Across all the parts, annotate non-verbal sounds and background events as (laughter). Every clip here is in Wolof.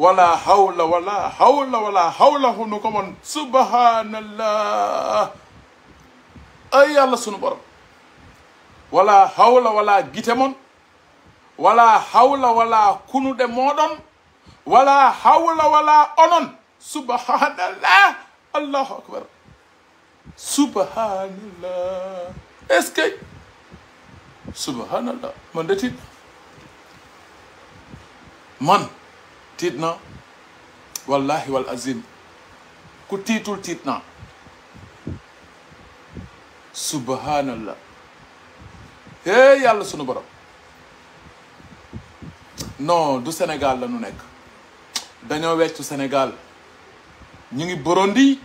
wala hawla wala hawla wala hawla hunu ko mon subhanallah ay yàlla sunu borom wala hawla wala gite mon wala hawla wala kunude moɗon wala hawla wala onon subhanallah allahu akbar subhanallah est subhanallah man detit man tiit na wallahi wal azim ku tiitul tiit na subhanallah hey yàlla sunu borom non du senegal la nu nekk dañoo weccu senegal ñu ngi Burundi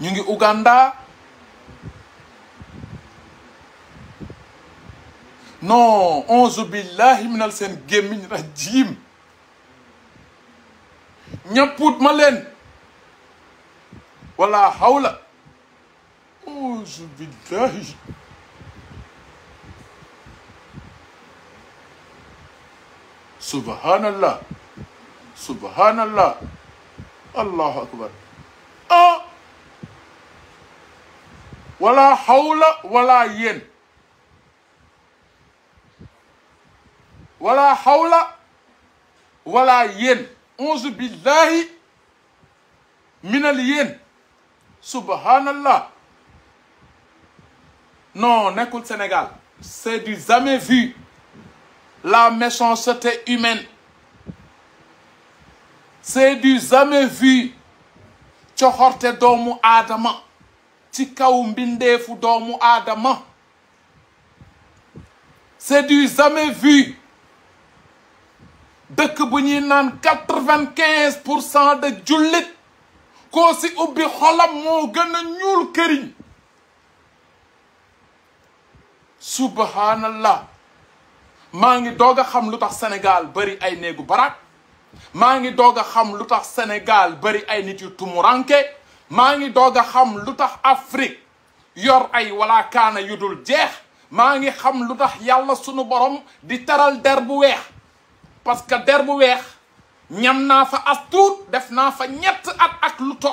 ñu ngi Uganda non onze billahi minal seen gémmiñ rajim ñapput ma leen wala hawla auzu billahi subhanallah subhanallah allahu akbar ah wala hawla wala yéen wala hawla wala yéen auzu billahi minal yéen subhanallah non nekkul Sénégal c'est du jamais vu la méchanceté humaine c'est du jamais vu coxorte doomu aadama ci kaw mbindeefu doomu aadama c'est du jamais vu dëkk bu ñuy naan quatre-vingt-quinze pour cent de jullit koo si ubbi xolam moo gën a ñuul këriñ subhanallah maa ngi doog a xam lu tax Sénégal bari ay néegu barak maa ngi doog a xam lu tax Sénégal bari ay nit yu tumuranke maa ngi doog a xam lu tax Afrique yor ay walaakaana yu dul jeex maa ngi xam lu tax yàlla sunu borom di teral der bu weex parce que der bu weex ñam naa fa as tuut def naa fa ñett at ak lu to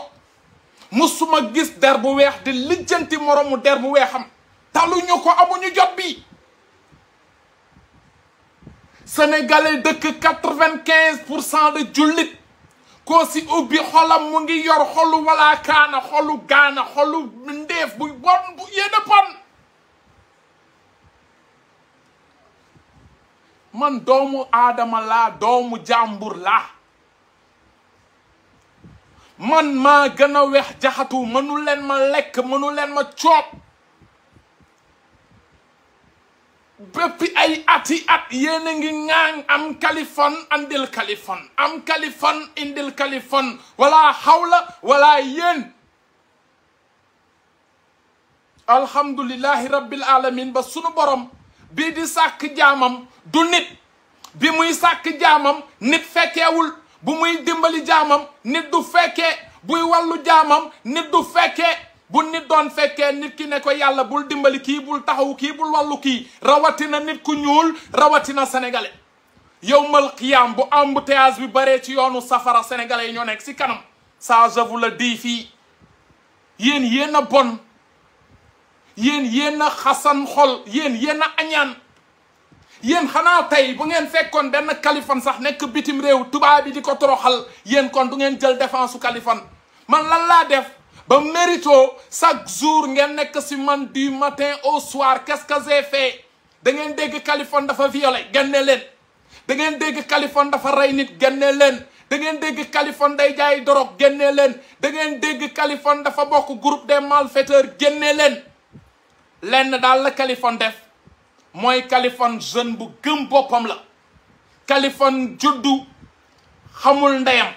suma gis der bu weex di lijjanti moromu der bu weexam taluñu ko amuñu jot bi sénégalais dëkk quatre-vingt-quinze pour cent de jullit ko si ubbi xolam mu ngi yor xolu wala kaana xolu gaana xolu ndeef bu bon bu yéene bon man doomu aadama laa doomu jàmbur laa man maa gën a weex jaxatu mënu ma lekk mënu leen ma coob bépp ay ati at yéen ngi ŋaaŋ am kalifon andil kalifon am kalifon indil kalifon wala xawla wala yéen alhamdulillahi rabbil alamin ba sunu borom bii di sàkk jaamam du nit bi muy sàkk jaamam nit fekkeewul bu muy dimbali jaamam nit du fekkee buy wàllu jaamam nit du fekkee bu nit doon fekkee nit ki ne ko yàlla bul dimbali kii bul taxaw kii bul wàllu kii rawatina nit ku ñuul rawatina sénégalais yowmal qiyaam bu embouteillage bi baree ci yoonu safara sénégalais yi ñoo nekk ci kanam ça je vous le dis fii yéen yéen a bon yéen yéen a xasan xol yéen yéen a añaan yéen xanaa tey bu ngeen fekkoon benn Kaliphone sax nekk bitim réew tubaab bi di ko troxal yéen kon du ngeen jël défense su man lan laa def ba mérito chaque jour ngeen nekk si man du matin au soir qu'est-ce que j'ai fait da ngeen dégg Kaliphone dafa violé génne leen da ngeen dégg Kaliphone dafa rey nit génne leen da ngeen dégg Kaliphone day jaay dorog génne leen da ngeen dégg Kaliphone dafa bokk group des malfaiteurs génne leen lenn daal la Kaliphone def mooy Kaliphone jeune bu gëm boppam la Kaliphone juddu xamul ndeyam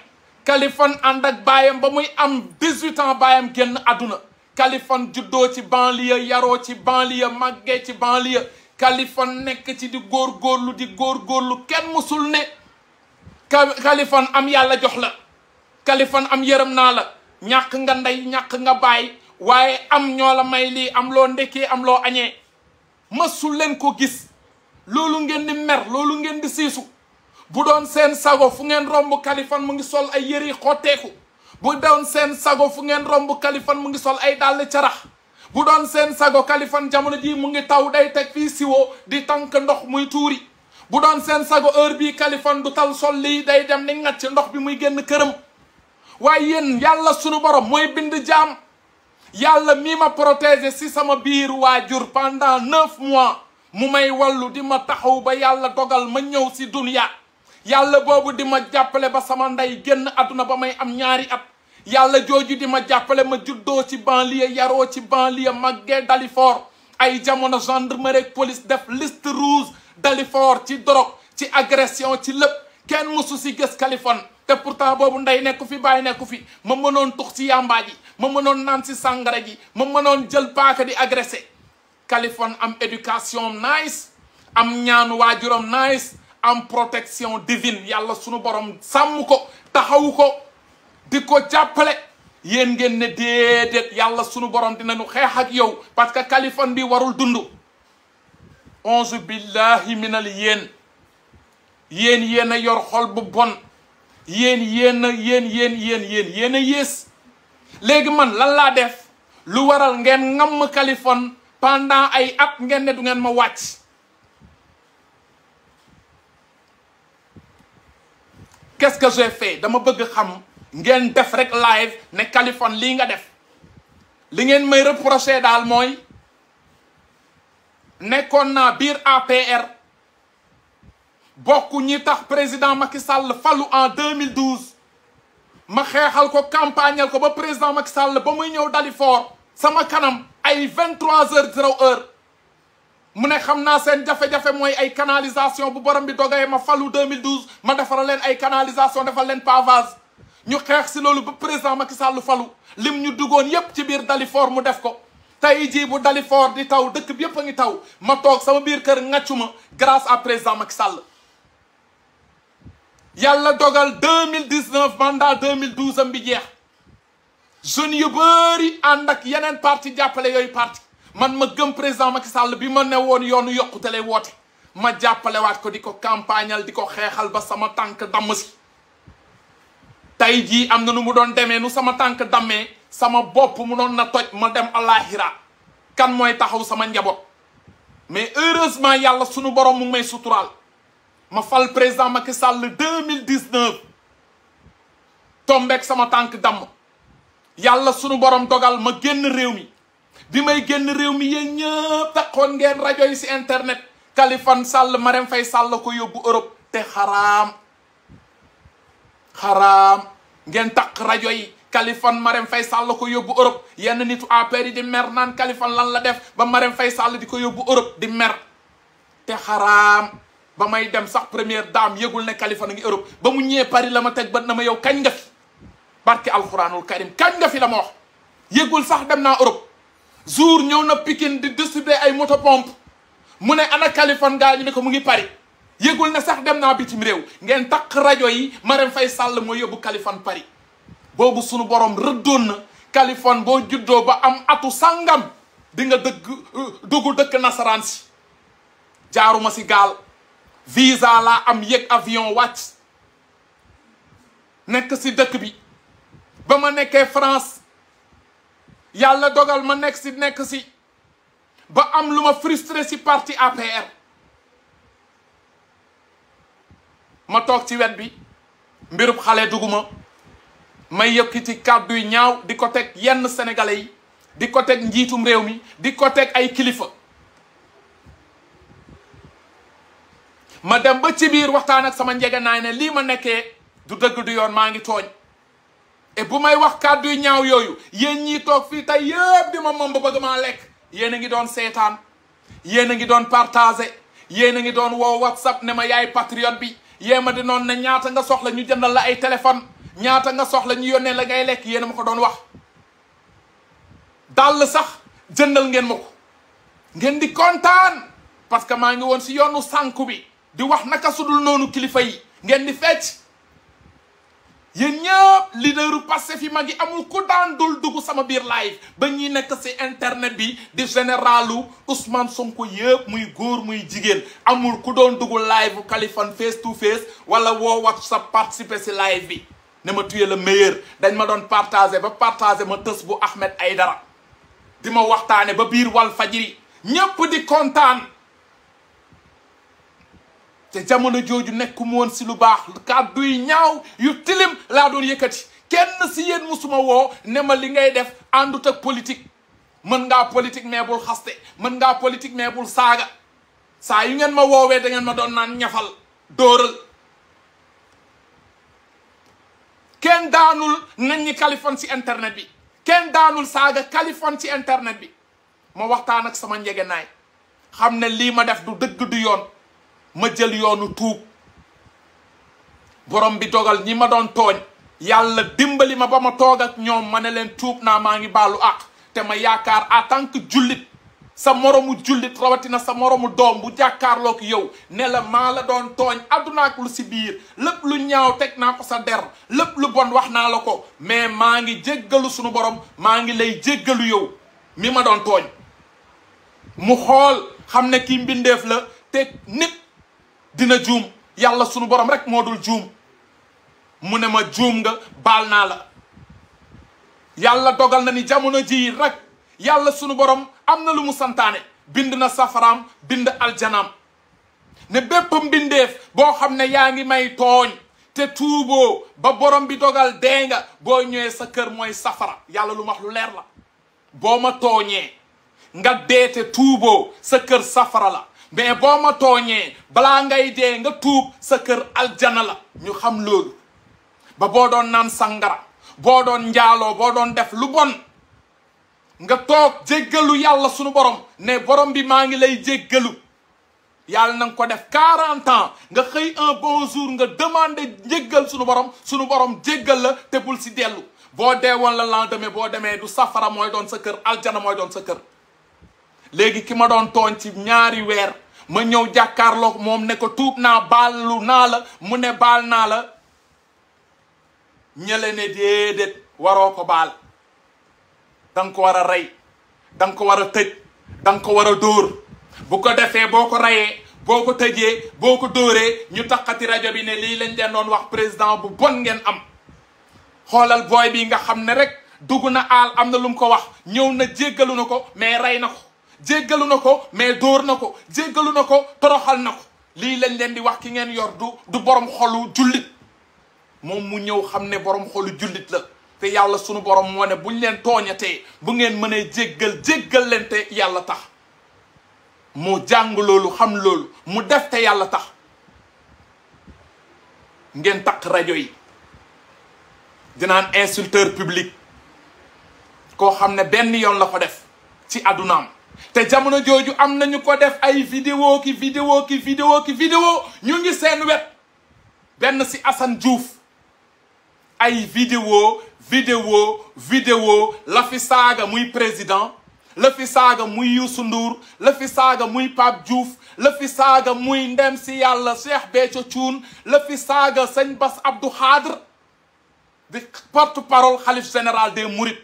Kaliphone ànd ak baayam ba muy am 18 ans baayam génn àdduna Kaliphone juddoo ci banlieue yaro ci banlieue màggee ci banlieue Kaliphone nekk ci di góorgóorlu di góorgóorlu kenn musul ne Kaliphone am yàlla jox la Kaliphone am yërëm naa la ñàkk nga ndey ñàkk nga baay waaye am ñoo la may lii am loo ndekkee am loo añee mësul leen ko gis loolu ngeen di mer loolu ngeen di siisu bu doon seen sago fu ngeen romb Kaliphone mu ngi sol ay yëre xotteeku bu doon seen sago fu ngeen romb Kaliphone mu ngi sol ay dàll carax bu doon seen sago Kaliphone jamono jii mu ngi taw day teg fii siwo di tank ndox muy tuuri bu doon seen sago heure bii Kaliphone du tal sol lii day dem ni ngacc ndox bi muy génn këram waaye yéen yàlla sunu borom mooy bind jaam yàlla mi ma protégé si sama biir waajur pendant neuf mois mu may wallu di ma taxaw ba yàlla dogal ma ñëw si dunya yàlla boobu di ma jàppale ba sama ndey génn àdduna ba may am ñaari at yàlla jooju di ma jàppale ma juddoo ci banlieue yaroo ci banlieue màggee Dalifort ay jamono gendarmerie ak police def liste rouge Dalifort ci drogue ci agression ci lépp kenn mësu si gis Kaliphone te pourtant boobu ndey nekku fi bàyyi nekku fi ma mënoon tux ci yàmbaa ji ma mënoon naan si sàngara ji ma mënoon jël paaka di agressé kalifon am éducation nice am ñaanu waajuram nice am protection divine yàlla sunu borom sàmm ko taxawu ko di ko jàppale yéen ngeen ne déedéet yàlla sunu borom dinañu xeex ak yow parce que Kaliphone bi warul dund onze billahi minal yéen yéen yéen a yor xol bu bon yéen yéen yéen yéen yéen yéen yéen yées léegi man lan laa def lu waral ngeen ŋamm Kaliphone pendant ay at ngeen ne du ngeen ma wàcc qu'est-ce que fait dama bëgg xam ngeen def rek live ne Kaliphone lii nga def li ngeen may reproché daal mooy nekkoon naa biir APR bokku ñi tax président Macky Sall falu en 2012 ma xeexal ko campagnal ko ba président Macky Sall ba muy ñëw Dalifort sama kanam ay 23 heures zéro mu ne xam naa seen jafe-jafe mooy ay canalisation bu borom bi dogee ma falu 2012 ma defara leen ay canalisation defal leen pavage ñu xeex si loolu ba président Macky Sall falu lim ñu duggoon yépp ci biir Dalifort mu def ko tey jii bu Dalifort di taw dëkk bi yépp a ngi taw ma toog sama biir kër ngàccu ma grâce à président Macky yàlla dogal deux mille dix neuf mandat deux mille douze am bi jeex jeunes yu bëri ànd ak yeneen parti jàppale yooyu parti man ma gëm président Macky Sall bi ma ne woon yoonu yokkute lay woote ma jàppalewaat ko di ko campagnal di ko xeexal ba sama tànk damm si tey jii am na nu mu doon demee nu sama tànk dammee sama bopp mu doon na toj ma dem alaaxira kan mooy taxaw sama njaboot mais heureusement yàlla sunu borom mu ngi may suturaal ma fal président Macky Sall 2019 tombeek sama tànk damm yàlla sunu borom dogal ma génn réew mi bi may génn réew mi yéen ñëpp taxoon ngeen rajo yi si internet Kalifone Sall Marème fay Sall ko yóbbu Europe te xaraam xaraam ngeen taq rajo yi Kalifone Marème Faye Sall ko yóbbu Europe yenn nitu APR yi di mer naan Kalifone lan la def ba Marème fay Sall di ko yóbbu Europe di mer te xaraam ba may dem sax première daam yëgul ne Kaliphone a ngi Europe ba mu ñëwee Paris la ma teg ba na ma yow kañ nga fi barke alxuraanul karim kañ nga fi la ma wax yëgul sax dem naa Europe jour ñëw na Pikine di distribuer ay moto pompe mu ne ana Kaliphone gaa ñu ne ko mu ngi Paris yëgul ne sax dem naa bitim réew ngeen takk rajo yi Marème fay Sall mooy yóbbu Kaliphone Paris boobu sunu borom rëddoon na Kaliphone boo juddoo ba am atu sangam dinga nga dëgg euh, dëkk nasaraan jaaruma si gaal visa laa am yëg avion wàcc nekk ci dëkk bi ba ma nekkee France yàlla dogal ma nekk ci nekk ci ba am lu ma frustré ci parti APR ma toog ci wet bi mbirub xale duguma may yëkkati kàddu yu ñaaw di ko teg yenn sénégalais yi di ko teg njiitum réew mi di ko teg ay kilifa ma dem ba ci biir waxtaan ak sama njegenaay ne lii ma nekkee du dëgg du yoon maa ngi tooñ et bu may wax kàddu yu ñaaw yooyu yéen ñii toog fii tey yëpp di ma moom ba bëgg maa lekk yéen a ngi doon seetaan yéen a ngi doon partage yéen a ngi doon woo whatsapp ne ma yaay patriote bi yée ma di noonu ne ñaata nga soxla ñu jëndal la ay téléphone ñaata nga soxla ñu yónnee la ngay lekk yéen a ma ko doon wax dàll sax jëndal ngeen ma ko ngeen di kontaan parce que maa ngi woon si yoonu sànku bi di wax naka sudul noonu kilifa yi ngeen di fecc yéen ñëpp leaderu passé fi mag yi amul ku daan dul dugg sama biir live ba ñuy nekk si internet bi di généralu Ousmane Sonko yëpp muy góor muy jigéen amul ku doon duggu live bu Kaliphone face to face wala woo sa participer si live bi ne ma tuye le meilleur dañ ma doon partagé ba partagé ma tës bu Ahmed Aïdara di ma waxtaane ba biir Walfadjri ñëpp di kontaan te jamono jooju nekkum woon si lu baax kàddu yi ñaaw yu tilim laa doon yëkkati kenn si yéen musuma woo ne ma li ngay def àndut ak politique mën ngaa politik mais bul xaste mën ngaa politique mais bul saaga saa yu ngeen ma woowee da ngeen ma doon naan ñafal dooral kenn daanul nañ ñi Kaliphone ci internet bi kenn daanul saaga Kaliphone ci internet bi ma waxtaan ak sama njege naay xam ne lii ma def du dëgg du yoon ma jël yoonu tuub borom bi dogal ñi ma doon tooñ yàlla dimbali ma ba ma toog ak ñoom ma ne leen tuub naa maa ngi baalu àq te ma yaakaar en tant que sa moromu julit rawatina sa moromu doom bu jàkkaarlook yow ne la maa la doon tooñ àddunaa ak lu si biir lépp lu ñaaw teg naa ko sa der lépp lu bon wax naa la ko mais maa ngi jéggalu sunu borom maa ngi lay jéggalu yow mi ma doon tooñ mu xool xam ne kii mbindeef la te nit dina juum yàlla sunu borom rek moo dul mu ne ma juum nga baal naa la yàlla dogal na ni jamono ji rek yàlla sunu borom am na lu mu santaane bind na safaraam bind aljanaam ne bépp mbindeef boo xam ne yaa ngi may tooñ te tuubo ba borom bi dogal dee nga boo ñëwee sa kër mooy safara yàlla lu ma wax lu leer la boo ma tooñee nga dee te tuuboo sa kër safara la mais boo ma tooñee balaa ngay dee nga tuub sa kër aljana la ñu xam loolu ba boo doon naan sangara boo doon njaaloo boo doon def lu bon nga toog jéggalu yàlla sunu borom ne borom bi maa ngi lay jéggalu yàlla na nga ko def quarante ans nga xëy un bon jour nga demande njéggal sunu borom sunu borom jéggal la te si dellu boo dee woon la lendemain boo demee du safara mooy doon sa kër aljana mooy doon sa kër léegi ki ma doon tooñ ci ñaari weer ma ñëw jàkkaarloog moom ne ko tuub naa baalu naa la mu ne baal naa la ñële ne déedéet waroo ko baal da nga ko war a rey da ko war a tëj da nga ko war a dóor bu ko defee boo ko reyee boo ko tëjee boo ko dóoree ñu taqati rajo bi ne lii lañ leen doon wax président bu bon ngeen am xoolal booy bi nga xam ne rek dugg na aal am na lum ko wax ñëw na jéggalu na ko mais rey na ko jéggalu na ko mais dóor na ko jéggalu na ko toroxal na ko lii lañ leen di wax ki ngeen yor du du borom xolu jullit moom mu ñëw xam ne borom xolu jullit la te yàlla sunu borom moo ne buñ leen tooñatee bu ngeen mënee jéggal jéggal leen te yàlla tax mu jàng loolu xam loolu mu def te yàlla tax ngeen takk rajo yi dinaan insulteur public koo xam ne benn yoon la ko def ci àddunaam te jamono jooju am nañu ko def ay vidéo ki vidéo ki vidéo ki vidéo ñu ngi seen wet benn si Assane Diouf ay vidéo vidéo vidéo lafi saaga muy président la fi saaga muy Youssou nduur la saaga muy Pape Diouf la fi saaga muy ndem si yàlla Cheikh Béthio Thioune la fi saaga sëñ Bass Abdou Khadre di porte parole xalif général des Mourides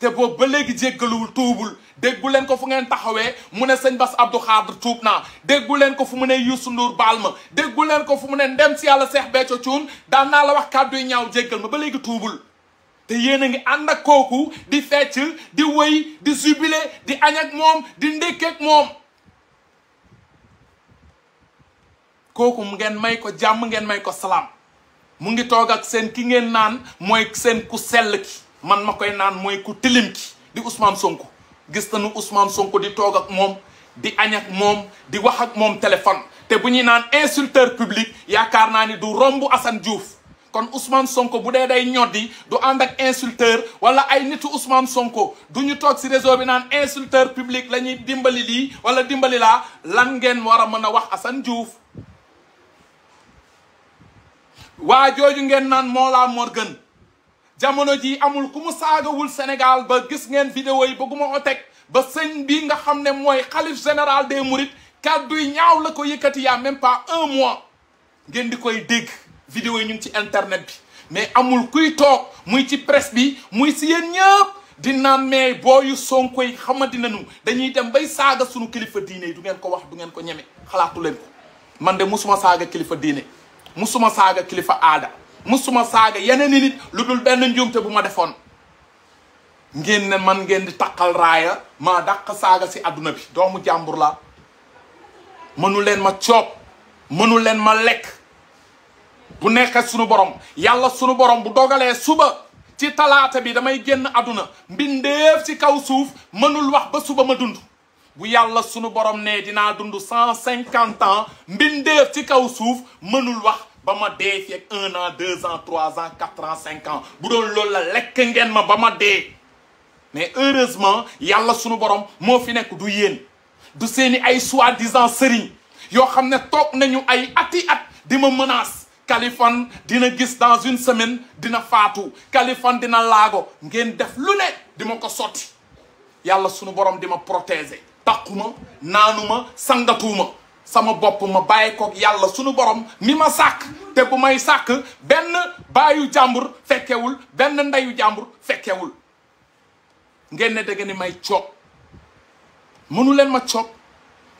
te boobu ba léegi jéggaluwul tuubul déggu leen ko fu ngeen taxawee mu ne sëñ Bass Abdou Khadre tuub naa dégguleen ko fu mu ne Youssou Ndour baal ma déggu leen ko fu mu ne ndem si yàlla Seex Béthio Thioune daan naa la wax kàddu yi ñaaw jéggal ma ba léegi tuubul te yéen a ngi ànd ak kooku di fecc di wëy di jubile di añak moom di ndékk moom kooku ngeen may ko jàmm ngeen may ko salaam mu ngi toog ak seen ki ngeen naan mooy seen ku sell ki man ma koy naan mooy ku tilim ki di Ousmane Sonko gis nu Ousmane Sonko di toog ak moom di añ ak moom di wax ak moom téléphone te bu ñuy naan insulteur public yaakaar naa ni du romb Assane Diouf kon Ousmane Sonko bu dee day ñoddi du ànd ak insulteur wala ay nitu Ousmane Sonko du ñu toog ci réseau bi naan insulteur public la ñuy dimbali lii wala dimbali laa lan ngeen war a mën a wax Assane Diouf waa jooju ngeen naan moo laa Morgan jamono ji amul ku mu saagawul Sénégal ba gis ngeen vidéo yi bëgguma ko teg ba sëñ bi nga xam ne mooy xalif général des mourides kàddu yi ñaaw la ko yëkkati yaa même pas un mois ngeen di koy dégg vidéo yi ñu ngi ci internet bi mais amul kuy toog muy ci presse bi muy si yéen ñëpp di naan mais booyu sonko yi xamadi nañu dañuy dem bay saaga sunu kilifa diine du ngeen ko wax du ngeen ko ñeme xalaatu leen man de musuma saaga kilifa diine musuma saaga kilifa aada musuma saaga yeneen i nit lu dul benn njuumte bu ma defoon ngeen ne man ngeen di taqal raaya maa dàq saaga si àdduna bi doomu jàmbur la mënu leen ma coob mënu leen ma lekk bu nekk sunu borom yàlla sunu borom bu dogalee suba ci talaata bi damay génn àdduna mbindeef ci kaw suuf mënul wax ba suba ma dund bu yàlla sunu borom ne dinaa dund cent cinquante ans mbindeef ci kaw suuf mënul wax ba ma dee fii ak un an deux ans trois ans quatre ans cinq ans bu doon loolu la lekk ngeen ma ba ma dee mais heureusement yàlla sunu borom moo fi nekk du yéen du seeni ay soit soi-disant sëriñ yoo xam ne toog nañu ay ati at di ma menace Kaliphone dina gis dans une semaine dina faatu Kaliphone dina laago ngeen def lu ne di ma ko sotti yàlla sunu borom di ma protéger. taquma naanuma sangatuuma sama bopp ma bàyyi koog yàlla sunu borom mi ma sàkk te bu may sàkk benn baayu jàmbur fekkewul benn ndeyu jàmbur fekkewul ngeen ne da ni may coog mënu leen ma coog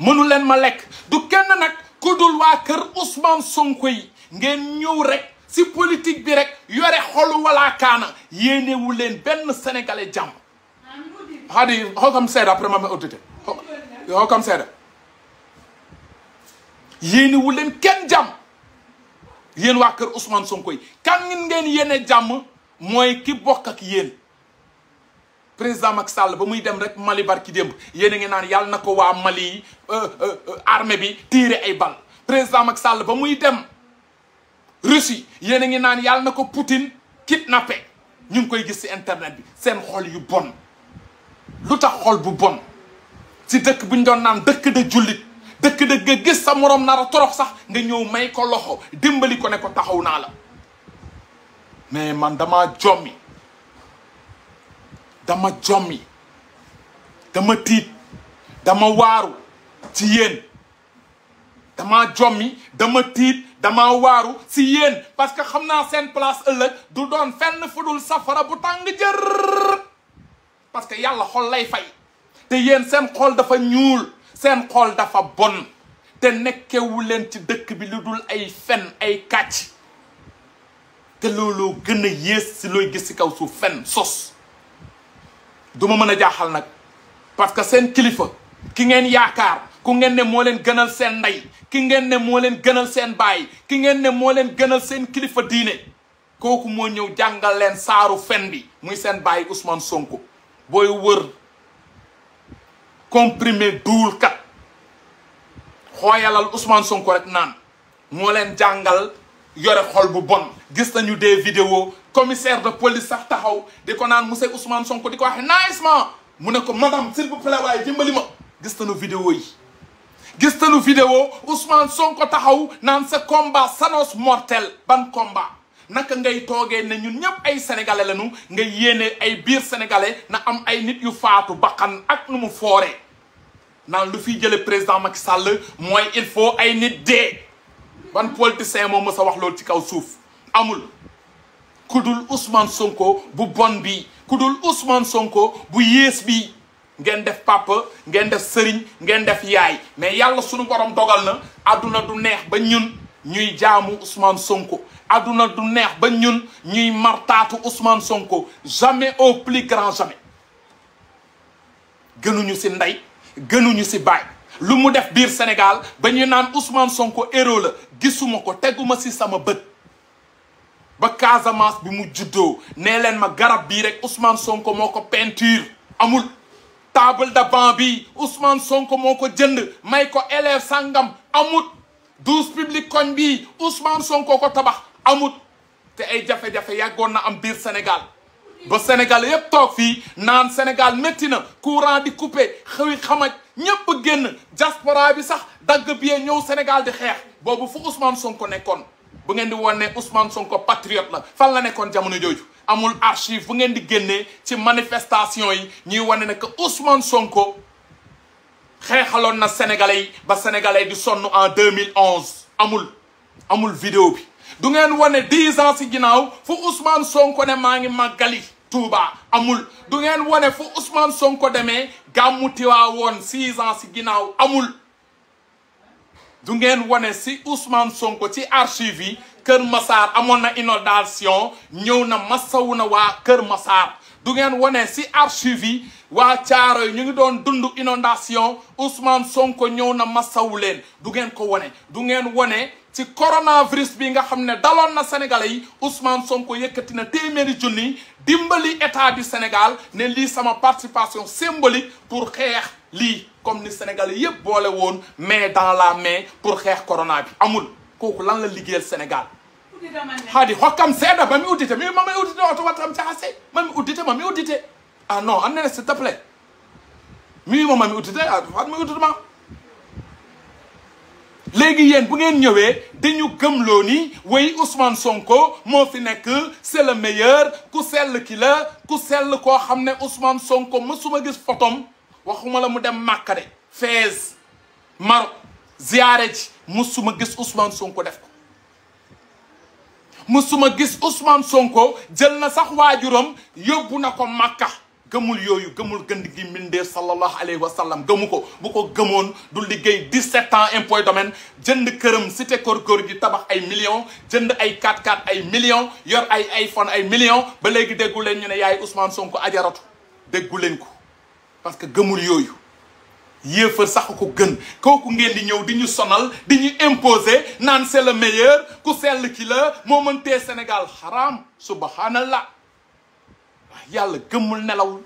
mënu leen ma lekk du kenn nag ku waa kër Ousmane Sonko yi ngeen ñëw rek si politique bi rek yore xolu walaa kaana yéenewu leen benn sénégalais jàmm. how do you how come après ma autorité how come say that yéeni wu leen kenn jàmm yéen waa kër Ousmane Sonko yi kan ngeen yéene jàmm mooy ki bokk ak yéen président Macky Sall ba muy dem rek Mali barki démb yéen a ngi naan yàlla na ko waa Mali yi euh, euh, euh, armée bi tiire ay bal président Macky Sall ba muy dem Russie yéen a ngi naan yàlla na ko Poutine kidnappé ñu ngi koy gis ci internet bi seen xol yu bon lu tax xol bu bon si dëkk bu ñu doon naan dëkk de jullit dëkk-dëkk nga gis sa morom nar a torox sax nga ñëw may ko loxo dimbali ko ne ko taxaw naa la mais man dama jommi dama jommi dama tiit dama waaru ci yéen dama jommi dama tiit dama waaru ci yéen parce que xam naa seen place ëllëg du doon fenn fudul safara bu tàng jër parce que yàlla xol lay fay te yéen seen xol dafa ñuul seen xool dafa bon te nekkewu leen ci dëkk bi lu dul ay fen ay kàcc te looloo gën a yées looy gis ci kaw suuf fen sos duma mën a jaaxal nag parce que seen kilifa ki ngeen yaakaar ku ngeen ne moo leen gënal seen ndey ki ngeen ne moo leen gënal seen baay ki ngeen ne moo leen gënal seen kilifa diine kooku moo ñëw jàngal leen saaru fen bi muy seen baay Ousmane Sonko booy wër comprimé duul kat xooyalal Ousmane Sonko rek naan moo leen jàngal yore xol bu bon gis nañu des vidéo commissaire de police sax taxaw di ko naan monsieur Ousmane Sonko di ko waxe naajement mu ne ko madame s'il vous plaît waaye ma gis nañu vidéo yi gis nañu vidéo Ousmane Sonko taxaw naan sa combat s'annonce mortel ban combat naka ngay toogee na ñun ñëpp ay sénégalais lañu nga yéene ay biir sénégalais na am ay nit yu faatu bakkan ak nu mu fooree naan lu fi jële président Macky sàll mooy il faut ay nit dee ban politicien moo mës wax loolu ci kaw suuf amul ku dul Ousmane Sonko bu bon bi ku dul Ousmane Sonko bu yées bi ngeen def papa ngeen def sëriñ ngeen def yaay mais yàlla sunu borom dogal na àdduna du neex ba ñun ñuy jaamu Ousmane Sonko adduna du neex ba ñun ñuy martaatu Ousmane Sonko jamais au plus grand jamais gënuñu ci ndey gënuñu ci baay lu mu def biir Sénégal ba ñu naan Ousmane Sonko héros la gisuma ko teguma ci sama bët ba Casamance bi mu juddoo nee leen ma garab bii rek Ousmane Sonko moo ko peinture amul table de banc bi Ousmane Sonko moo ko jënd may ko élève sàngam amut douze public koñ bii Ousmane Sonko ko tabax amut te ay jafe-jafe yàggoon na am biir Sénégal ba Sénégal yëpp toog fii naan Sénégal métti na courant di coupé xëy xamaj ñëpp génn diaspora bi sax dagg bie ñëw Sénégal di xeex boobu fu Ousmane Sonko nekkoon bu ngeen di woon ne Ousmane Sonko patriote la fan la nekkoon jamono jooju amul archive bu ngeen di génnee ci manifestation yi ñuy wane ne que Ousmane Sonko xeexaloon na sénégalais yi ba sénégalais di sonn en 2011 amul amul vidéo bi du ngeen wane dix ans si ginnaaw fu Ousmane Sonko ne maa ngi màggali Touba amul du ngeen wane fu Ousmane Sonko demee gàmmu woon six ans si ginnaaw amul du ngeen wane si Ousmane Sonko ci archive yi Kër Massar amoon na inondation ñëw na massawu na waa Kër Massar du ngeen wane si archive yi waa caaro yi ñu ngi doon dund inondation Ousmane Sonko ñëw na masawu leen du ngeen ko wane du ngeen wane ci coronavirus bi nga xam ne daloon na sénégal yi Ousmane Sonko yëkkati na téeméeri junni dimbali état du Sénégal ne lii sama participation symbolique pour xeex lii comme ni sénégalais yëpp boole woon mais dans la main pour xeex corona bi amul kooku lan la liggéeyal Sénégal haade hokkam seeɗa mami uddite mi mami uddite oto wattam jahase mami uddite mami uddite ah non annene s'il te plaît mi wima mami uddite hat ah, mi udditema léegi yéen bu ngeen ñëwee dañu gëmloo ni way Ousmane Sonko moo fi nekk c'est le meilleur ku sell ki la ku sell koo xam ne Ousmane Sonko suma gis fotom waxuma la mu dem Màkka de Fès Maroc ziyaare ji mësuma gis Ousmane Sonko def ko mu musuma gis Ousmane Sonko jël na sax waajuram yóbbu na ko Makka gëmul yooyu gëmul gënd gi mbindee sallallahu alayhi wa sallam gëmu ko bu ko gëmoon du liggéey 17 ans impôt domaine jënd këram cité korkor gi tabax ay millions jënd ay 4 x ay millions yor ay iPhone ay millions ba léegi déggu leen ñu ne yaay Ousmane Sonko ajaratu déggu leen ko parce que gëmul yooyu yéefar sax ko gën kooku ngeen di ñëw di ñu sonal di ñu imposer naan c'est le meilleur ku sell ki la moo mën senegal Sénégal xaraam subhanallah yàlla gëmmul nelaw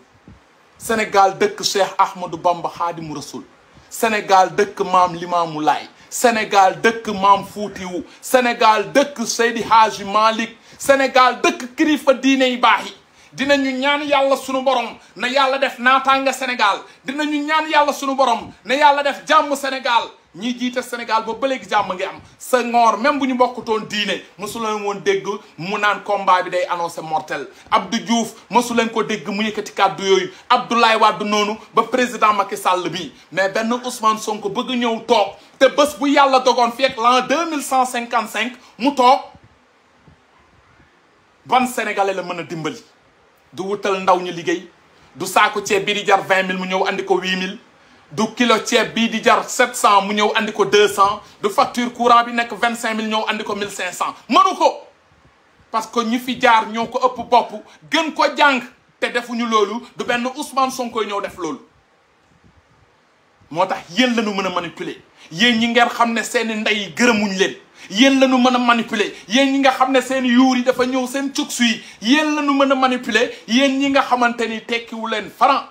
senegal dëkk Cheikh Ahmadou Bamba Xaadimu Rasul senegal dëkk maam Limaamu Laay Sénégal dëkk maam Fuutiwu senegal dëkk Seydi Haaji Malick Sénégal dëkk kilifa diine yi baax dinañu ñaan yàlla sunu borom na yàlla def naataanga Sénégal dinañu ñaan yàlla sunu borom na yàlla def jàmm Sénégal ñi jiite Sénégal ba ba léegi jàmm ngi am sa Senghor même bu ñu bokkutoon diine mosu leen woon dégg mu naan combat bi day annoncé mortel Abdou Diouf mosu leen ko dégg mu yëkkati kàddu yooyu Abdoulaye Wade noonu ba président Macky sàll bi mais benn Ousmane Sonko bëgg ñëw toog te bës bu yàlla dogoon fii ak l'an mille cent cinquante cinq mu toog ban sénégalais la mën a dimbali. du wutal ndaw ñu liggéey du saaku ceeb bi di jar vingt mille mu ñëw andi ko huit mille du kilo ceeb bii di jar sept cent mu ñëw andi ko deux cent du facture courant bi nekk vingt cinq mille ñëw andiko ko mille cinq cent mënu ko parce que ñu fi jaar ñoo ko ëpp bopp gën ko jàng te defuñu loolu du benn Ousmane Sonko ñëw def loolu moo tax yéen la ñu mën a manipuler yéen ñi nger xam ne seeni ndey gërëmuñ leen yéen la ñu mën a manipuler yéen ñi nga xam ne seeni yuur yi dafa ñëw seen cuksu yi yéen la ñu mën a manipuler yéen ñi nga xamante ni tekkiwu leen franc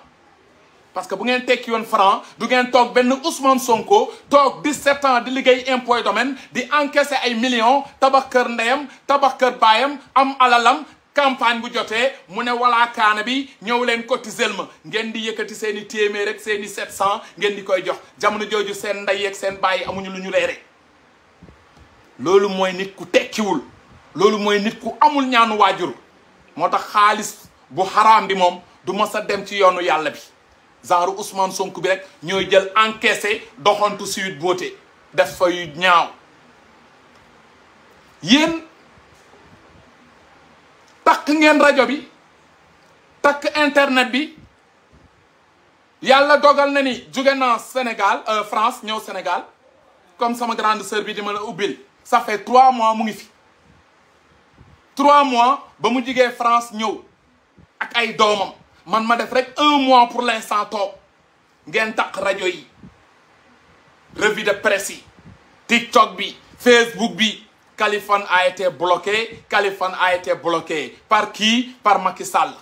parce que bu ngeen tekki woon franc du ngeen toog benn Ousmane Sonko toog 17 ans di liggéey impôt domaine di encaisser ay million tabax kër ndeyam tabax kër baayam am alalam campagne bu jotee mu ne walaa kaana bi ñëw leen cotiser ma ngeen di yëkkati seen i rek seen i 700 ngeen di koy jox jamono jooju seen ndey seen baay amuñu lu ñu leere loolu mooy nit ku tekkiwul loolu mooy nit ku amul ñaanu waajur moo tax xaalis bu xaraam bi moom du mas a dem ci yoonu yàlla bi genre Ousmane sonk bi rek ñooy jël encaissé doxantu Sweet Beauté def fa yu ñaaw yéen takk ngeen rajo bi takk internet bi yàlla dogal na ni jóge naa Sénégal euh, France ñëw Sénégal comme sama grande sœur bi di mën a ubbil ça fait trois mois mu ngi fi trois mois ba mu jigee France ñëw ak ay doomam man ma def rek un mois pour l'instant toog ngeen taq rajo yi revue de presse yi TikTok bi Facebook bi Kaliphone a été bloqué Kaliphone a été bloqué par qui par Macky Sall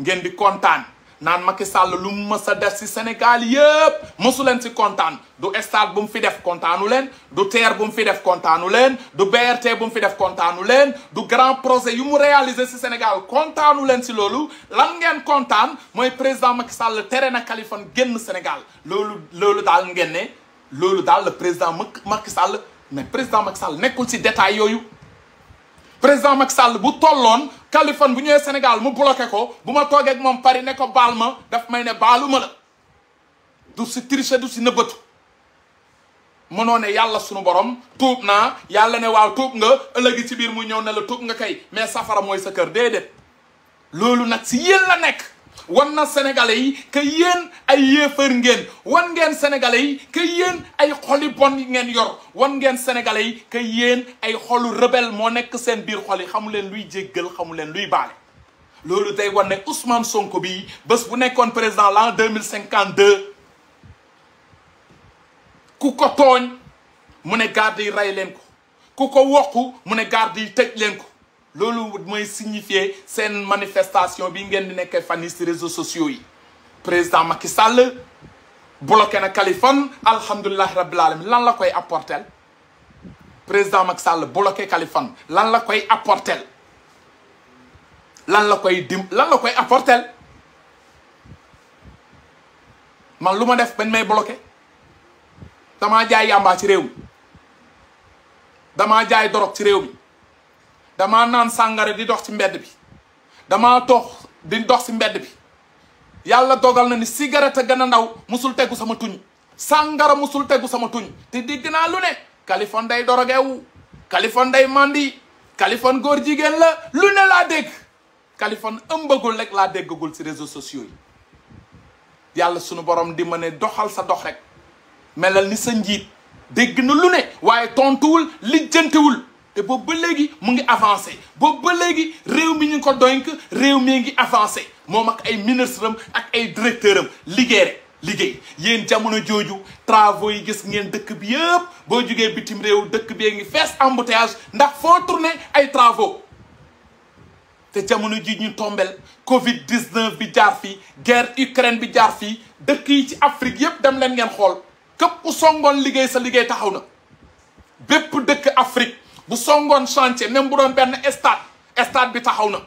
ngeen di kontaan naan Macky Sall lu mu mës a def si Sénégal yëpp mosu leen si kontaan du stade bu mu fi def kontaan kontaanu leen du TER bu mu fi def kontaanu leen du BRT bu mu fi def kontaan kontaanu leen du grand projet yu mu réalisé si Sénégal kontaanu leen si loolu la ngeen kontaan mooy président Macky Sall tere na Kaliphone génn Sénégal loolu loolu daal ngeen ne loolu daal le président Macky Sall mais président Macky Sall nekkul si détail yooyu président Macky Sall bu tolloon. Kaliphone bu ñëwee Sénégal mu bloqué ko bu ma toogee moom Paris ne ko baal ma daf may ne baaluma la du si tricher du si nëbbatu mënoo ne yàlla sunu borom tuub naa yàlla ne waaw tuub nga ëllëgi si biir mu ñëw ne la tuub nga kay mais safara mooy sa kër déedéet loolu nag si yéen la nekk wan na sénégalais yi que yéen ay yéefar ngeen wan ngeen sénégalais yi que yéen ay xoli bon ngeen yor wan ngeen sénégalais yi que yéen ay xolu rebelle moo nekk seen biir xol yi xamu leen luy jéggal xamu leen luy baale. loolu day wan ne Ousmane Sonko bi bés bu nekkoon président l'an deux mille cinquante deux ku ko tooñ mu ne garde yi rey leen ko ku ko woqu mu ne garde yi tëj leen ko. loolu mooy signifier seen manifestation bi ngeen di nekkee fan yi si réseaux sociaux yi président Macky Sall bloqué na Californie alhamdulilahi rabbil alamin lan la koy apporter président Macky Sall bloqué Californie lan la koy apporter lan la koy dim lan la koy apporter man lu ma def bañ may bloqué damaa jaay yàmbaa ci réew mi damaa jaay dorog ci réew mi damaa naan sàngara di dox ci mbedd bi dama tox di dox ci mbedd bi yàlla dogal na ni cigarette a gën a ndaw musul tegu sama tuñ sàngara musul tegu sama tuñ te dégg naa lu ne Kaliphone day dorogewu Kaliphone day mandi Kaliphone góor jigéen la lu ne laa dégg Kaliphone ëmbagul rek laa déggagul ci réseaux sociaux yi yàlla sunu borom di ma ne doxal sa dox rek melal ni sa njiit dégg na lu ne waaye tontuwul lijjantiwul te boobu ba léegi mu ngi avancé boobu ba léegi réew mi ñu ko doyk réew mii ngi avancé moom ak ay ministre am ak ay directeur am liggéey rek liggéey yéen jamono jooju travaux yi gis ngeen dëkk bi yëpp boo jugee bitim réew dëkk bee ngi fees embouteillage ndax foo tourné ay travaux te jamono ji ñu tombel covid 19 bi jaar fii guerre Ukraine bi jaar fii dëkk yi ci Afrique yëpp dem leen ngeen xool képp ku songoon liggéey sa liggéey taxaw na bépp dëkk Afrique bu songoon chantier même bu doon benn stade stade bi taxaw na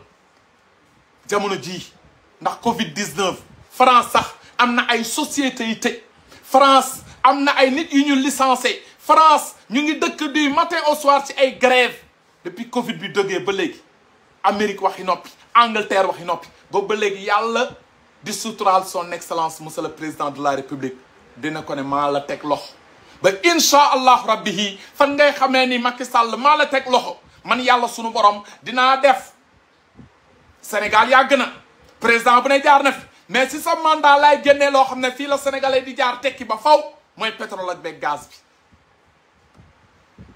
jamono jii ndax Covid 19 France sax am na ay sociétés yi te France am na ay nit yu ñu licencié France ñu ngi dëkk du matin au soir ci ay grève depuis Covid bi dogee ba léegi Amérique waxi noppi Angleterre waxi noppi boobu ba léegi yàlla di soutral son excellence monsieur le président de la république dina ko ne maa la teg loxo. ba insha allahu rabbihi fan ngay xamee ni makki Sall ma la teg loxo man yàlla sunu borom dinaa def Sénégal yàgg na président bu ne jaar na fi mais si sa mandat laay génnee loo xam ne fii la sénégalais di jaar tekki ba faw mooy pétrole ak beeg gaz bi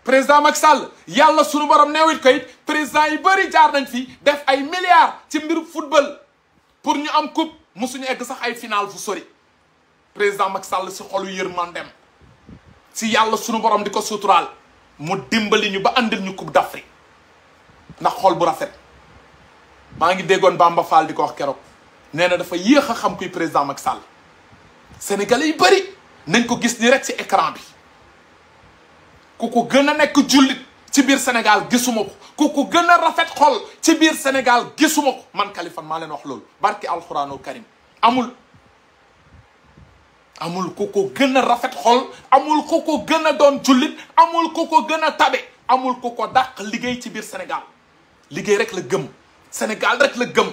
président Macky Sall yàlla sunu borom neewit ko it président yi bëri jaar nañ fi def ay milliards ci mbiru football pour ñu am coupe musuñu egg sax ay final fu sori président Macky Sall si xolu dem si yàlla sunu borom di ko suturaal mu dimbali ñu ba andil ñu coupe d'Afrique ndax xol bu rafet maa ngi déggoon Bamba Fall di ko wax keroog nee na dafa yéex a xam kuy président Macky Sall sénégalais yi bëri nañ ko gis nii rek ci écran bi ku ko gën a nekk jullit ci biir Sénégal gisuma ko ku ko gën a rafet xol ci biir Sénégal gisuma ko man Kaliphone maa leen wax loolu barki alxuraanul karim amul amul ku ko gën rafet xol amul ku ko gën a doon jullit amul ku ko gën a tabe amul ku ko dàq liggéey ci biir Sénégal liggéey rek la gëm Sénégal rek la gëm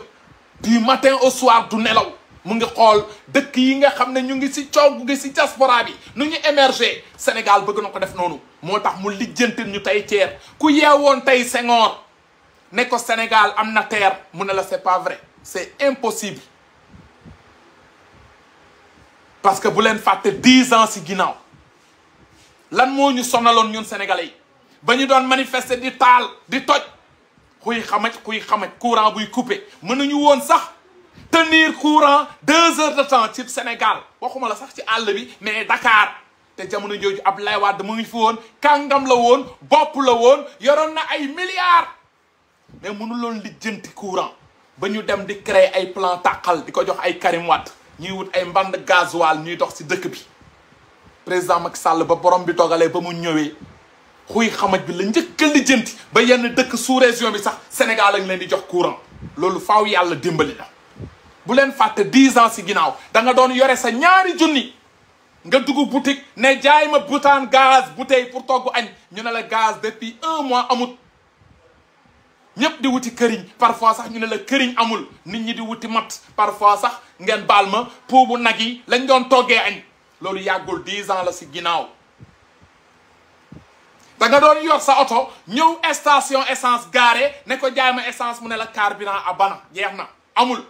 du matin au soir du nelaw mu ngi xool dëkk yi nga xam ne ñu ngi si coow gi si diaspora bi nu ñu émerger Sénégal bëgg na ko def noonu moo tax mu lijjantil ñu tey ceer ku yeewoon tey Senghor ne ko Sénégal am na terre mu ne la c'est pas vrai c'est impossible parce que bu leen fàtte dix ans si ginnaaw lan moo ñu sonaloon ñun sénégalais yi ba ñu doon manifester di taal di toj kuy xamaj kuy xamaj courant buy coupé mënuñu woon sax tenir courant deux heures de temps ci Sénégal waxuma la sax ci àll bi mais dakaar te jamono jooju Abdoulaye Wade mu ngi fi woon kàngam la woon bopp la woon yoroon na ay milliards mais mënuloon lijjanti courant ba ñu dem di créer ay plan tàqal di ko jox ay Karim Wade ñuy wut ay mband gasoil ñuy dox ci dëkk bi président mag Sall ba borom bi toogalee ba mu ñëwee xuy xamaj bi la njëkk a lijjanti ba yenn dëkk sous région bi sax Sénégal lañ leen di jox courant loolu faw yàlla dimbali na. bu leen fàtte dix ans ci ginnaaw danga doon yore sa ñaari junni nga dugg boutique ne jaay ma butaan gaz bouteille pour togg añ ñu ne la gaz depuis un mois amut. ñëpp di wuti këriñ parfois sax ñu ne la këriñ amul nit ñi di wuti mat parfois sax ngeen baal ma pour bu nag yi lañ doon toggee añ loolu yàggul dix ans la si ginnaaw da nga doon yor sa oto ñëw station essence garé ne ko jaay ma essence mu ne la carburant a bana jeex na amul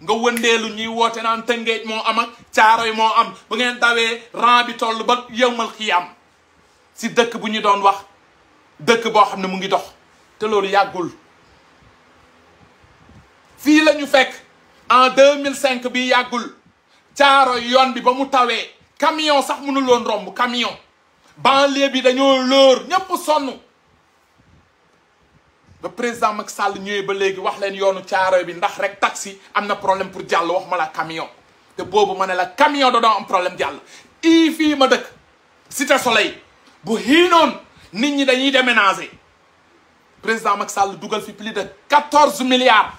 nga lee lu ñuy woote naan tëngeej moo am ak caaroy moo am bu ngeen dawee rang bi toll ba yëmal am si dëkk bu ñu doon wax dëkk boo xam ne mu ngi dox te loolu yàggul fii la ñu fekk en 2005 bi yàggul caaro yoon bi ba mu tawee camion sax mënul woon romb camion banlieue bi dañoo loor ñëpp sonn ba président Macky Sall ñëwee ba léegi wax leen yoonu caaro bi ndax rek taxi am na problème pour jàll wax ma la camion te boobu ma ne la camion da doon am problème jàll ii fii ma dëkk Cité Soleil bu xiinoon nit ñi dañuy déménager président Macky Sall dugal fi plus de quatorze milliards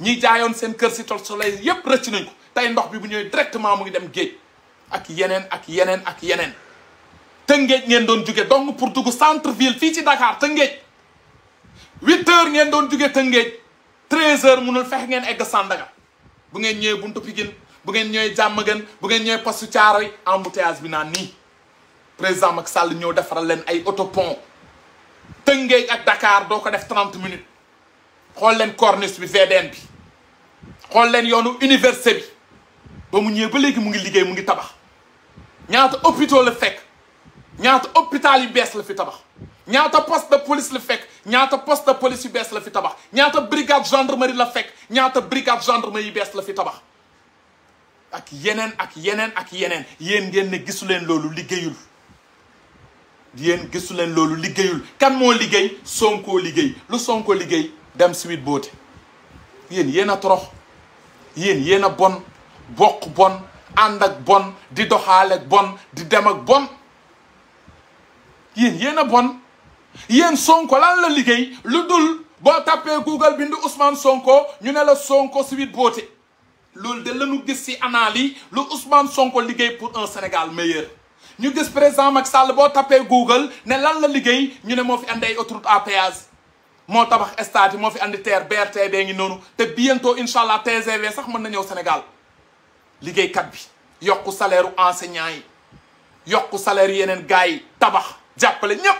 ñi jaayoon seen kër si tol soleil yépp rëcc nañ ko tey ndox bi bu ñëwee directement mu ngi dem géej ak yeneen ak yeneen ak yeneen tëngéej ngeen doon jóge donc pour dugg centre ville fii ci Dakar tëngéej huit heures ngeen doon jóge tëngéej treize mu nu fexe ngeen egg Sandaga bu ngeen ñëwee buntu Pikine bu ngeen ñëwee Diamaguène bu ngeen ñëwee postu Thiaroye embouteillage bi naan nii président Macky Sall ñëw defaral leen ay autopont Tëngéej ak Dakar doo ko def 30 minutes xool leen corniche bi VDN bi xool leen yoonu université bi ba mu ñëwee ba léegi mu ngi liggéey mu ngi tabax ñaata hôpitaux la fekk ñaata hôpital yu bees la fi tabax ñaata poste de police la fekk ñaata poste de police yu bees la fi tabax ñaata brigade gendarmerie la fekk ñaata brigade gendarmerie yu bees la fi tabax ak yeneen ak yeneen ak yeneen yéen ngeen ne gisu leen loolu liggéeyul yéen gisuleen loolu liggéeyul kan moo liggéey Sonko liggéey lu Sonko liggéey dem Sweet Beauté yéen yéen a torox yéen yéen bon bokk bon ànd ak bon di doxaale ak bon di dem ak bon yéen yéen a bon yéen Sonko lan la liggéey lu dul boo tappee Google bind usman Sonko ñu ne la Sonko Sweet Beauté loolu de lañu gis ci annales yi lu Ousmane Sonko liggéey pour un Sénégal meilleur ñu gis président mag Sall boo tappee Google ne lan la liggéey ñu ne moo fi andi ay autoroute à péage moo tabax stade yi moo fi andi terre BRT bee ngi noonu te bientôt incha allah TGV e sax mën na ñëw Sénégal liggéeykat bi yokku salaire u enseignant yi yokku salaire yeneen gars yi tabax jàppale ñëpp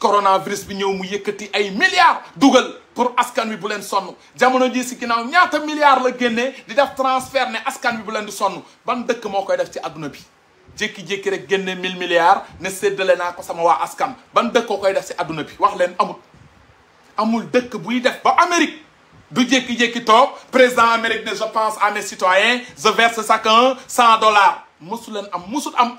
coronavirus bi ñëw mu yëkkati ay milliards dugal pour askan wi bu leen sonn jamono ji si ginnaaw ñaata milliards la génnee di def transfert ne askan wi bu leen di sonn ban dëkk moo koy def ci adduna bi jékki-jékki rek génne 1000 milliards ne séddale naa ko sama waa askan ban dëkk koy def si adduna bi wax leen amul amul dëkk buy def ba Amérique du jékki-jékki toog président Amérique ne je pense à mes citoyens je verse chacun cent dollars mosu leen am mosut am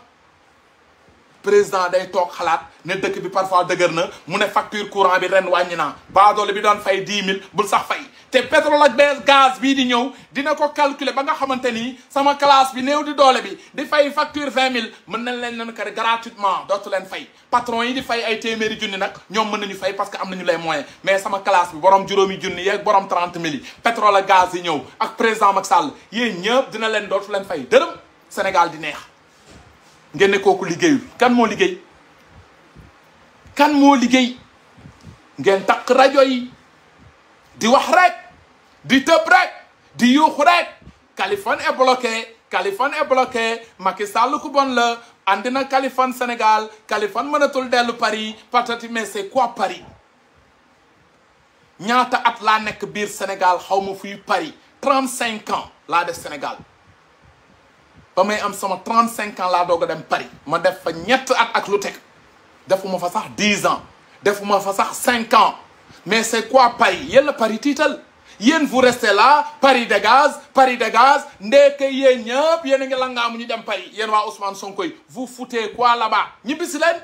président day toog xalaat ne dëkk bi parfois dëgër na mu ne facture courant bi ren wàññi naa baadoole bi daan fay 10 mille bul sax fay te pétrole ak bees gaz bii di ñëw dina ko calculer ba nga xamante ni sama classe bi néew di doole bi di fay facture vingt mille mën nañ leen leen kër gratuitement dootu leen fay patron yi di fay ay téeméeri junni nag ñoom mën nañu fay parce que am nañu les moyens mais sama classe bi borom juróomi junni yeeg borom trente mille yi pétrole ak gaz yi ñëw ak président ma Sall yéen ñëpp dina leen dootu leen fay dërëm Sénégal di neex ngeen ne kooku kan moo liggéey moo liggéey ngeen takk rajo yi di tëb rek di yuuxu rek Kaliphone est bloqué Kaliphone est bloqué Macky Sall ku bon la andi na Kaliphone Sénégal Kaliphone mënatul dellu Paris patati mais quoi pari ñaata at laa nekk biir Sénégal xaw ma fuy pari trent cinq ans laa def Sénégal ba may am sama trent cinq ans laa doog dem Paris ma def fa ñett at ak lu teg defuma fa sax dix ans defuma fa sax cinq ans mais c'est quoi Paris yéen la Paris tiital yéen vous restez là Paris dégage Paris dégage ndeke yéen ñëpp yéen a ngi langaamu ñu dem Paris yéen waa Ousmane Sonko yi vous foutez quoi là-bas ñibbisi leen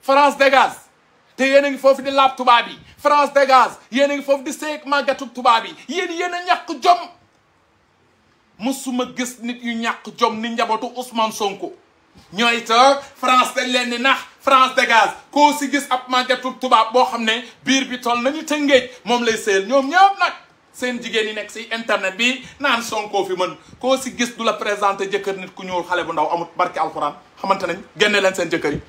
France dégage te yéen a ngi foofu di laab tubaab yi France dégage yéen a ngi foofu di seeg màggatub tubaab yi yéen yéen a ñàkk jom musuma gis nit yu ñàkk jom ni njabootu Ousmane Sonko ñooy toog France dañ leen di nax France dégage koo si gis ab màggetu tubaab boo xam ne biir bi toll nañu tëngéej moom lay seel ñoom ñëpp nag seen jigéen yi nekk si internet bi naan Sonko fi mën koo si gis du la présenté jëkkër ni ku ñuul xale bu ndaw amut barki alxuraan xamante nañ génne leen seen jëkkër yi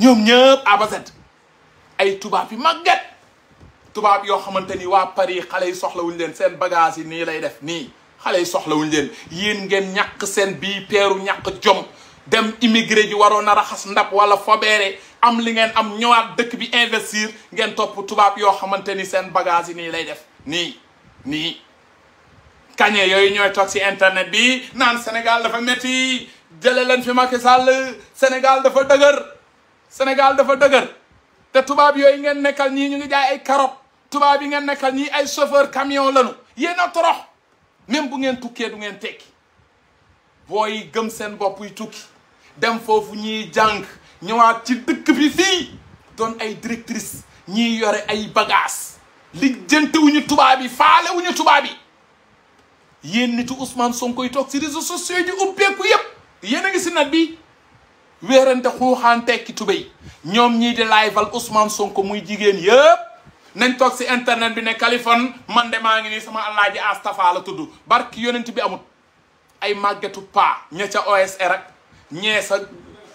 ñoom ñëpp abaset ay tubaab yi màgget tubaab yoo xamante ni waa Paris xale yi soxlawuñu leen seen bagage yi nii lay def nii xale yi soxlawuñu leen yéen ngeen ñàkk seen bii peeru ñàkk jom dem immigré ji waroon a raxas ndab wala fobeere am li ngeen am ñëwaat dëkk bi investir ngeen topp tubaab yoo xamante ni seen bagage yi lay def nii nii kañe yooyu ñooy toog si internet bi naan Sénégal dafa métti jële leen fi Macky Sall Sénégal dafa dëgër Sénégal dafa dëgër te tubaab yooyu ngeen nekkal ñii ñu ngi jaay ay carottes tubaab yi ngeen nekkal ñii ay chauffeur camion lanu yéen a torox même bu ngeen tukkee du ngeen tekki booy gëm seen bopp yi tukki dem foofu ñiy jàng ñëwaat ci dëkk bi fii doon ay directrice ñiy yore ay bagages lijjantiwuñu tubaab yi faalewuñu tubaab yi yéen nitu Ousmane Sonko yi toog ci réseaux sociaux di ubbeeku yépp yéen a bi weerante xuuxaan tubéy ñoom ñii di liveal Ousmane Sonko muy jigéen yëpp nañ toog si internet bi ne Kaliphone man de maa ngi nii sama alaaji Astafa la tudd barki yonent bi amut ay màggetu pa ña ca OSR ñeesa sa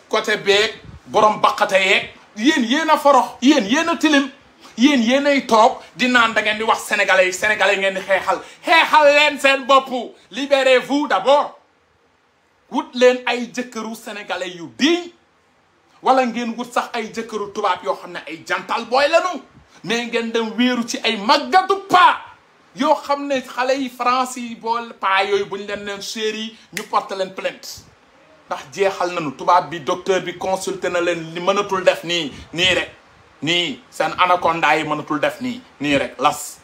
côté beeg borom baqate yeeg yéen yéen a forox yéen yéen a tilim yéen yéen ay toog di naan da ngeen di wax sénégalais yi sénégalais yi ngeen di xeexal xeexal leen seen bopp libérez-vous d'abord wut leen ay jëkkëru sénégalais yu diñ wala ngeen wut sax ay jëkkëru tubaab yoo xam ne ay jantal booy lanu mais ngeen dem wéeru ci ay màggatu paa yoo xam ne xale yi France yi bool paa yooyu buñ leen leen séeri ñu porte leen plainte ndax jeexal nañu tubaab bi docteur bi consulté na leen li mënatul def nii nii rek nii seen anaconda yi mënatul def nii nii rek las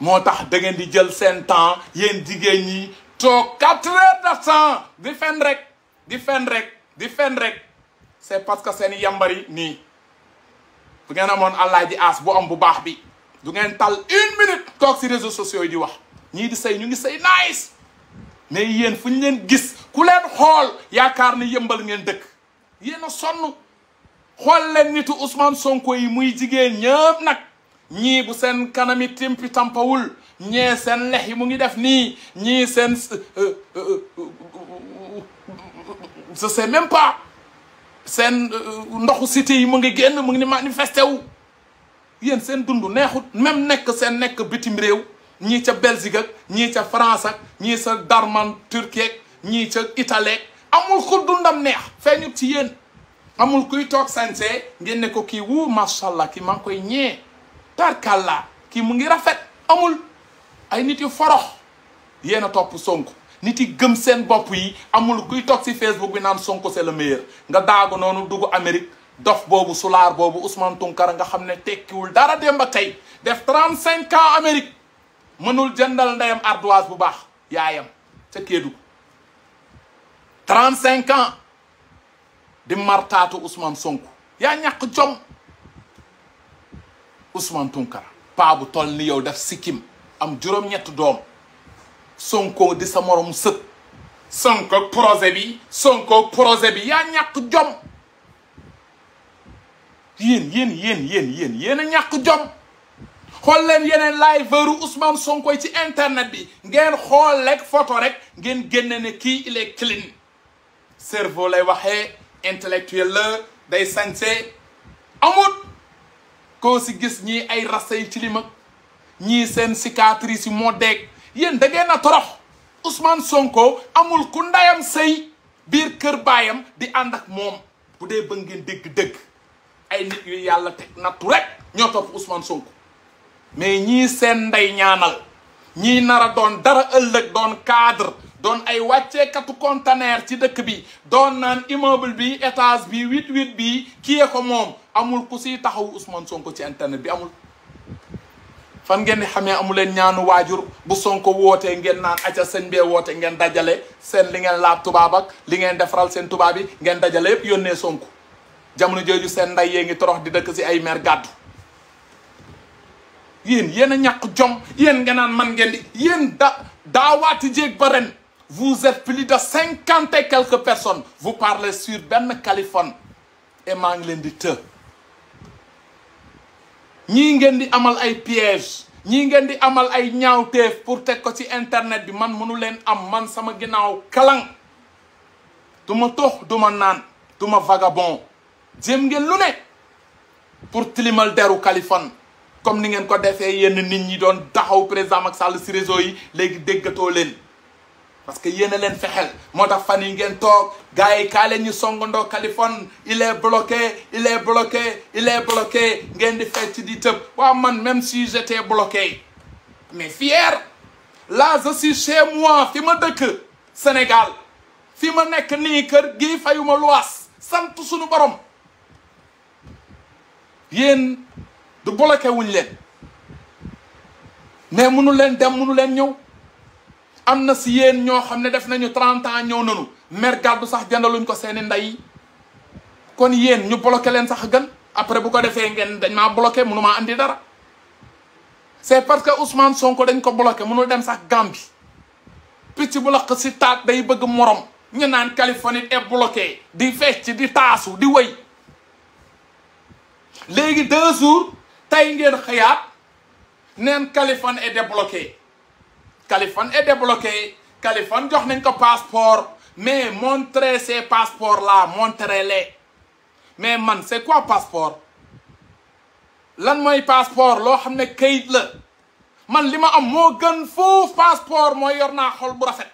moo tax da ngeen di jël seen temps yéen jigéen ñi toog quatre heures de temps di fen rek di fen rek di fen rek c'est parce que seen yambari nii bu ngeen amoon ji aas bu am bu baax bi du ngeen tal une minute toog si réseau sociaux yi di wax ñii di say ñu ngi say nice mais yéen fu ñu leen gis ku leen xool yaakaar ni yembal ngeen dëkk yéen a sonn xool leen nitu Ousmane Sonko yi muy jigéen ñëpp nag ñii bu seen kanami timpi tampawul ñee seen lex yi mu ngi def nii ñii seen euh, euh, euh, je sais même pas seen ndoxu cité yi mu ngi génn mu ngi ni manifesté wu yéen seen dund neexut même nekk seen nekk bitim réew ñii ca Belgique ñii ca France ak ñii sa Darman Turquie ñii ca italeeg amul ku dundam neex feeñut ci yéen amul kuy toog sanse ngeen ne ko kii wu macha allah kii maa ngi koy ñee tarkalla kii mu ngi rafet amul ay nit yu forox yéen a topp Sonko nit yi gëm seen bopp yi amul kuy toog si Facebook bi naan Sonko c'est le meilleur nga daagu noonu dugg Amérique dof boobu sulaar boobu Ousmane Tunkara nga xam ne tekkiwul dara dem ba tey def 35 ans Amérique mënul jëndal ndeyam ardoise bu baax yaayam ca Kédougou 35 ans di martaatu Ousmane Sonko yaa ñàkk jom Ousmane Tounkara paa bu toll ni yow def sikkim am juróom-ñett doom Sonko di sa morom sët Sonko projet bi Sonko projet bi yaa ñàkk jom yéen yéen yéen yéen yéen yéen a ñàkk jom xool leen yeneen liveru Ousmane Sonko ci internet bi ngeen xool rek photo rek ngeen génne ne kii il est clean cerveau lay waxe intellectuel la day sañse amut koo si gis ñii ay rasta yi ñi seen cicatrice yi moo deeg yéen da ngeen a torox Ousmane Sonko amul ku ndayam sëy biir kër baayam di ànd ak moom bu dee ba ngeen dégg ay nit yu yàlla teg nattu rek ñoo topp Ousmane Sonko mais ñi seen ndey ñaanal ñii nar doon dara ëllëg doon cadre doon ay wàcceekatu conteneur ci dëkk bi doon naan immeuble bi étage bi huit wit bi kiyee ko moom amul ku siy taxaw Ousmane Sonko ci internet bi amul fan ngeen di xamee amul leen ñaanu waajur bu Sonko wootee ngeen naan aca seen bee woote ngeen dajale seen li ngeen laab tubaab ak li ngeen defaral seen tubaab yi ngeen dajale yépp yónnee Sonko jamono jooju seen nday yee ngi torox di dëkk si ay mer gàddu yéen yéen a ñàkk jom yéen nga naan man ngeen di yéen da daawaati jéeg vous êtes plus de cinquante et quelques personnes vous parlez sur benn Kaliphone et maa ngi leen di të ñii ngeen di amal ay pièges ñii ngeen di amal ay ñaawteef pour teg ko ci internet bi man mënu leen am man sama ginnaaw kalang du ma tox du ma naan du ma vagabond jéem ngeen lu ne pour tilimal deru Kaliphone comme ni ngeen ko defee yenn nit ñi doon taxaw président Macky Sall ci réseau yi léegi déggatoo leen parce que yéen leen fexeel moo tax fan yi ngeen toog gars yi kaa leen ñu songandoo Kaliphone il est bloqué il est bloqué il est ngeen di fecc di tëb waa man même si j'étais bloqué mais fier la je suis chez fi ma dëkk Sénégal fi ma nekk nii kër gi fayuma luwaas sant suñu borom yéen du bloqué wuñ leen mais munu leen dem munu leen ñëw am na si yéen ñoo xam ne def nañu 30 ans ñëw nanu mer gàddu sax jandaluñ ko seeni ndey kon yéen ñu bloqué leen sax gën après bu ko defee ngeen dañ maa bloqué mënu maa andi dara c'est parce que Ousmane Sonko dañ ko bloqué mënul dem sax Gambie picc bu laq si taat day bëgg morom ñu naan Californie est bloqué di fecc di taasu di wëy léegi deux jours tey ngeen xëyaat neen Californie est débloqué Kaliphone est débloqué Kaliphone jox nañ ko passeport mais montrez ces passeports là montrez-les mais man c'est quoi passeport lan mooy passeport loo xam ne kayit la man li ma am moo gën fuuf passeport mooy yor naa xol bu rafet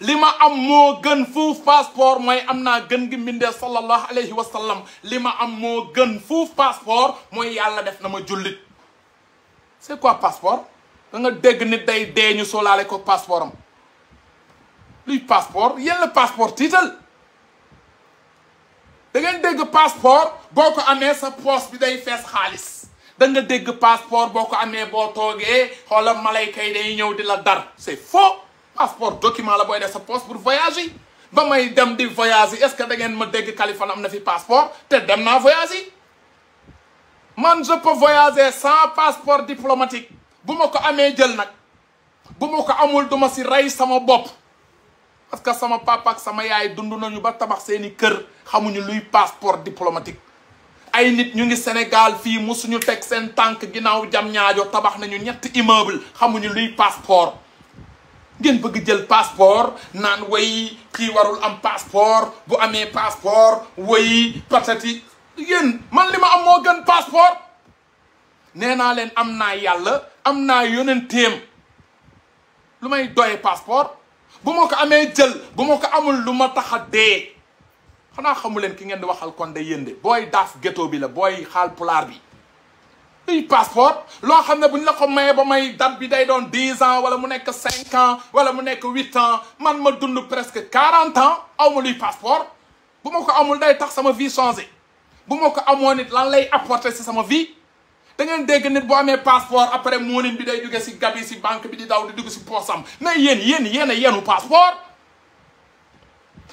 li ma am moo gën fuuf passeport mooy am naa gën gi mbindee sallallahu alayhi wa li ma am moo gën fuuf passeport mooy yàlla def na ma jullit c'est quoi passeport da nga dégg nit day dee ñu sóolaale ko passeport am luy passeport yéen la passeport tiital da ngeen dégg passeport boo ko amee sa poche bi day fees xaalis da nga dégg passeport boo ko amee boo toogee xoola malayka kay day ñëw di la dar c'est faux passeport document la booy def sa poche pour voyager ba may dem di voyager est-ce que da ngeen ma dégg Kaliphone am na fi passeport te dem naa voyager man je peux voyager sans passeport diplomatique bu ma ko amee jël nag bu ma ko amul duma si rey sama bopp parce que sama papa sama yaay dund nañu ba tabax seeni kër xamuñu luy passeport diplomatique ay nit ñu ngi Sénégal fii musuñu teg seen tànk ginnaaw jam ñaajo tabax nañu ñett immeuble xamuñu luy passeport ngeen bëgg jël passeport naan way kii warul am passeport bu amee passeport way patati yéen man li ma am moo gën passeport nee naa leen am naa yàlla am naa yónenteem lu may doye passeport bu ma ko amee jël bu ma ko amul lu ma tax a dee xanaa xamu leen ki ngeen di waxal kon de yénde booy daaf ghetto bi la booy xaal pulaar bi luy passeport loo xam ne bu ñu la ko mayee ba may date bi day doon dix ans wala mu nekk cinq ans wala mu nekk huit ans man ma dund presque quarante ans awma luy passeport bu ma ko amul day tax sama vie changé bu ma ko amoon it lan lay apporter si sama vie te ngeen dégg nit boo amee passeport après moonin bi day jóge si gabi si banque bi di daw di dugg si poosam mais yéen yéen yéen a yenu passeport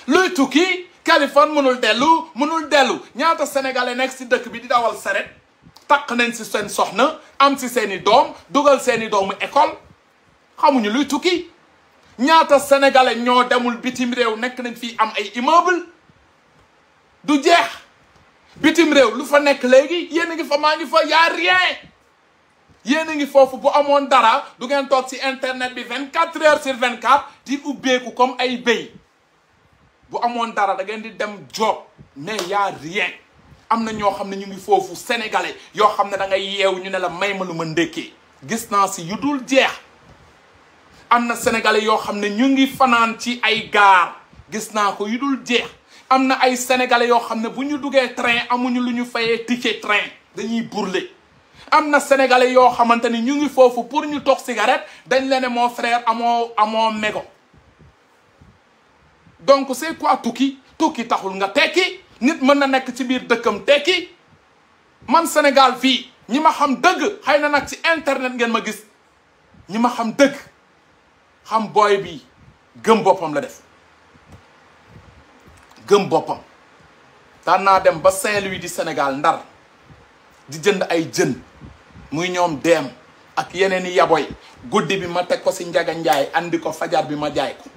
luy tukki Kaliphone mënul dellu mënul dellu ñaata sénégalais nekk si dëkk bi di dawal saret taq nañ si seen soxna am si seen i doom dugal seeni doomu école xamuñu luy tukki ñaata sénégalais ñoo demul bitim réew nekk nañ fii am ay immeuble du jeex bitim réew lu fa nekk léegi yéen a ngi fa maa ngi fa y'a rien yéen a ngi foofu bu amoon dara du ngeen toog ci internet bi vingt 24 heures sur 24 di ubbeeku comme ay béy bu amoon dara da ngeen di dem job mais yaa rien am na ñoo xam ne ñu ngi foofu sénégalais yoo xam ne da ngay yeewu ñu ne la may ma lu ma ndékkee gis naa si yu dul jeex am na sénégalais yoo xam ne ñu ngi fanaan ci ay gaar gis naa ko yu dul jeex. am na ay sénégalais yoo xam ne bu ñu duggee train amuñu lu ñu fayee ticket train dañuy burle am na sénégalais yoo xamante ni ñu ngi foofu pour ñu toog cigarette dañ la ne mon frère amoo amoo mégo donc c'est quoi tukki tukki taxul nga tekki nit mën na nekk ci biir dëkkam tekki man Sénégal fii ñi ma xam dëgg xëy na nag ci internet ngeen ma gis ñi ma xam dëgg xam booy bi gëm boppam la def gëm boppam daan naa dem ba Saint-Louis di senegal ndar di jënd ay jën muy ñoom dem ak yeneen i yaboy guddi bi ma teg ko si njaga njaay andi ko fajar bi ma jaay ko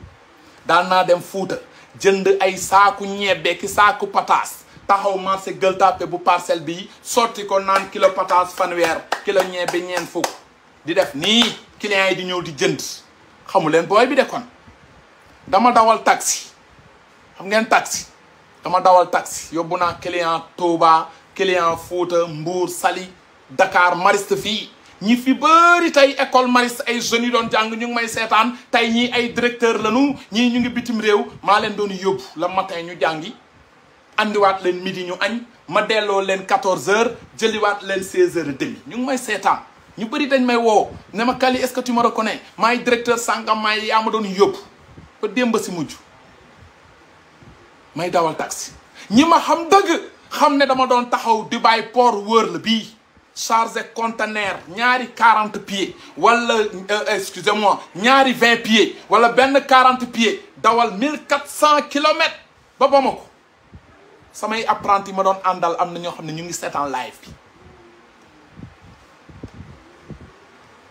daan naa dem fuuta jënd ay saaku ñebbe ki saaku pataas taxaw marché Gueule Tapée bu parcelle bi sotti ko naan kilo pataas fanweer kilo ñebbe ñeent fukk di def nii clients yi di ñëw di jënd xamu leen booy bi de kon dama dawal taxi xam ngeen taxi dama dawal taxi yóbbu naa client tooba client Fouta Mbour Saly dakaar Mariste fii ñi fi bëri tey école Mariste ay jeunes yu doon jàng ñu ngi may seetaan tey ñii ay directeur lañu ñii ñu ngi bitim réew maa leen doon yóbbu la matin ñu jàngi andiwaat leen midi ñu añ ma delloo leen 14 heures jëliwaat leen 16 heures et demi ñu ngi may seetaan ñu bëri dañ may woo ne ma Kali est-ce que tu me reconnais maay directeur sàngam maay yaa ma doon yóbbu ba démb si mujj may dawal taxi ñi ma xam dëgg xam ne dama doon taxaw Dubai port World bii chargé conteneur ñaari quarante pieds wala euh, excusez-moi ñaari vingt pieds wala benn quarante pieds dawal mille quatre cent kilomètres ba Bamako samay apprenti ma doon àndal am na ñoo xam ne ñu ngi en live bi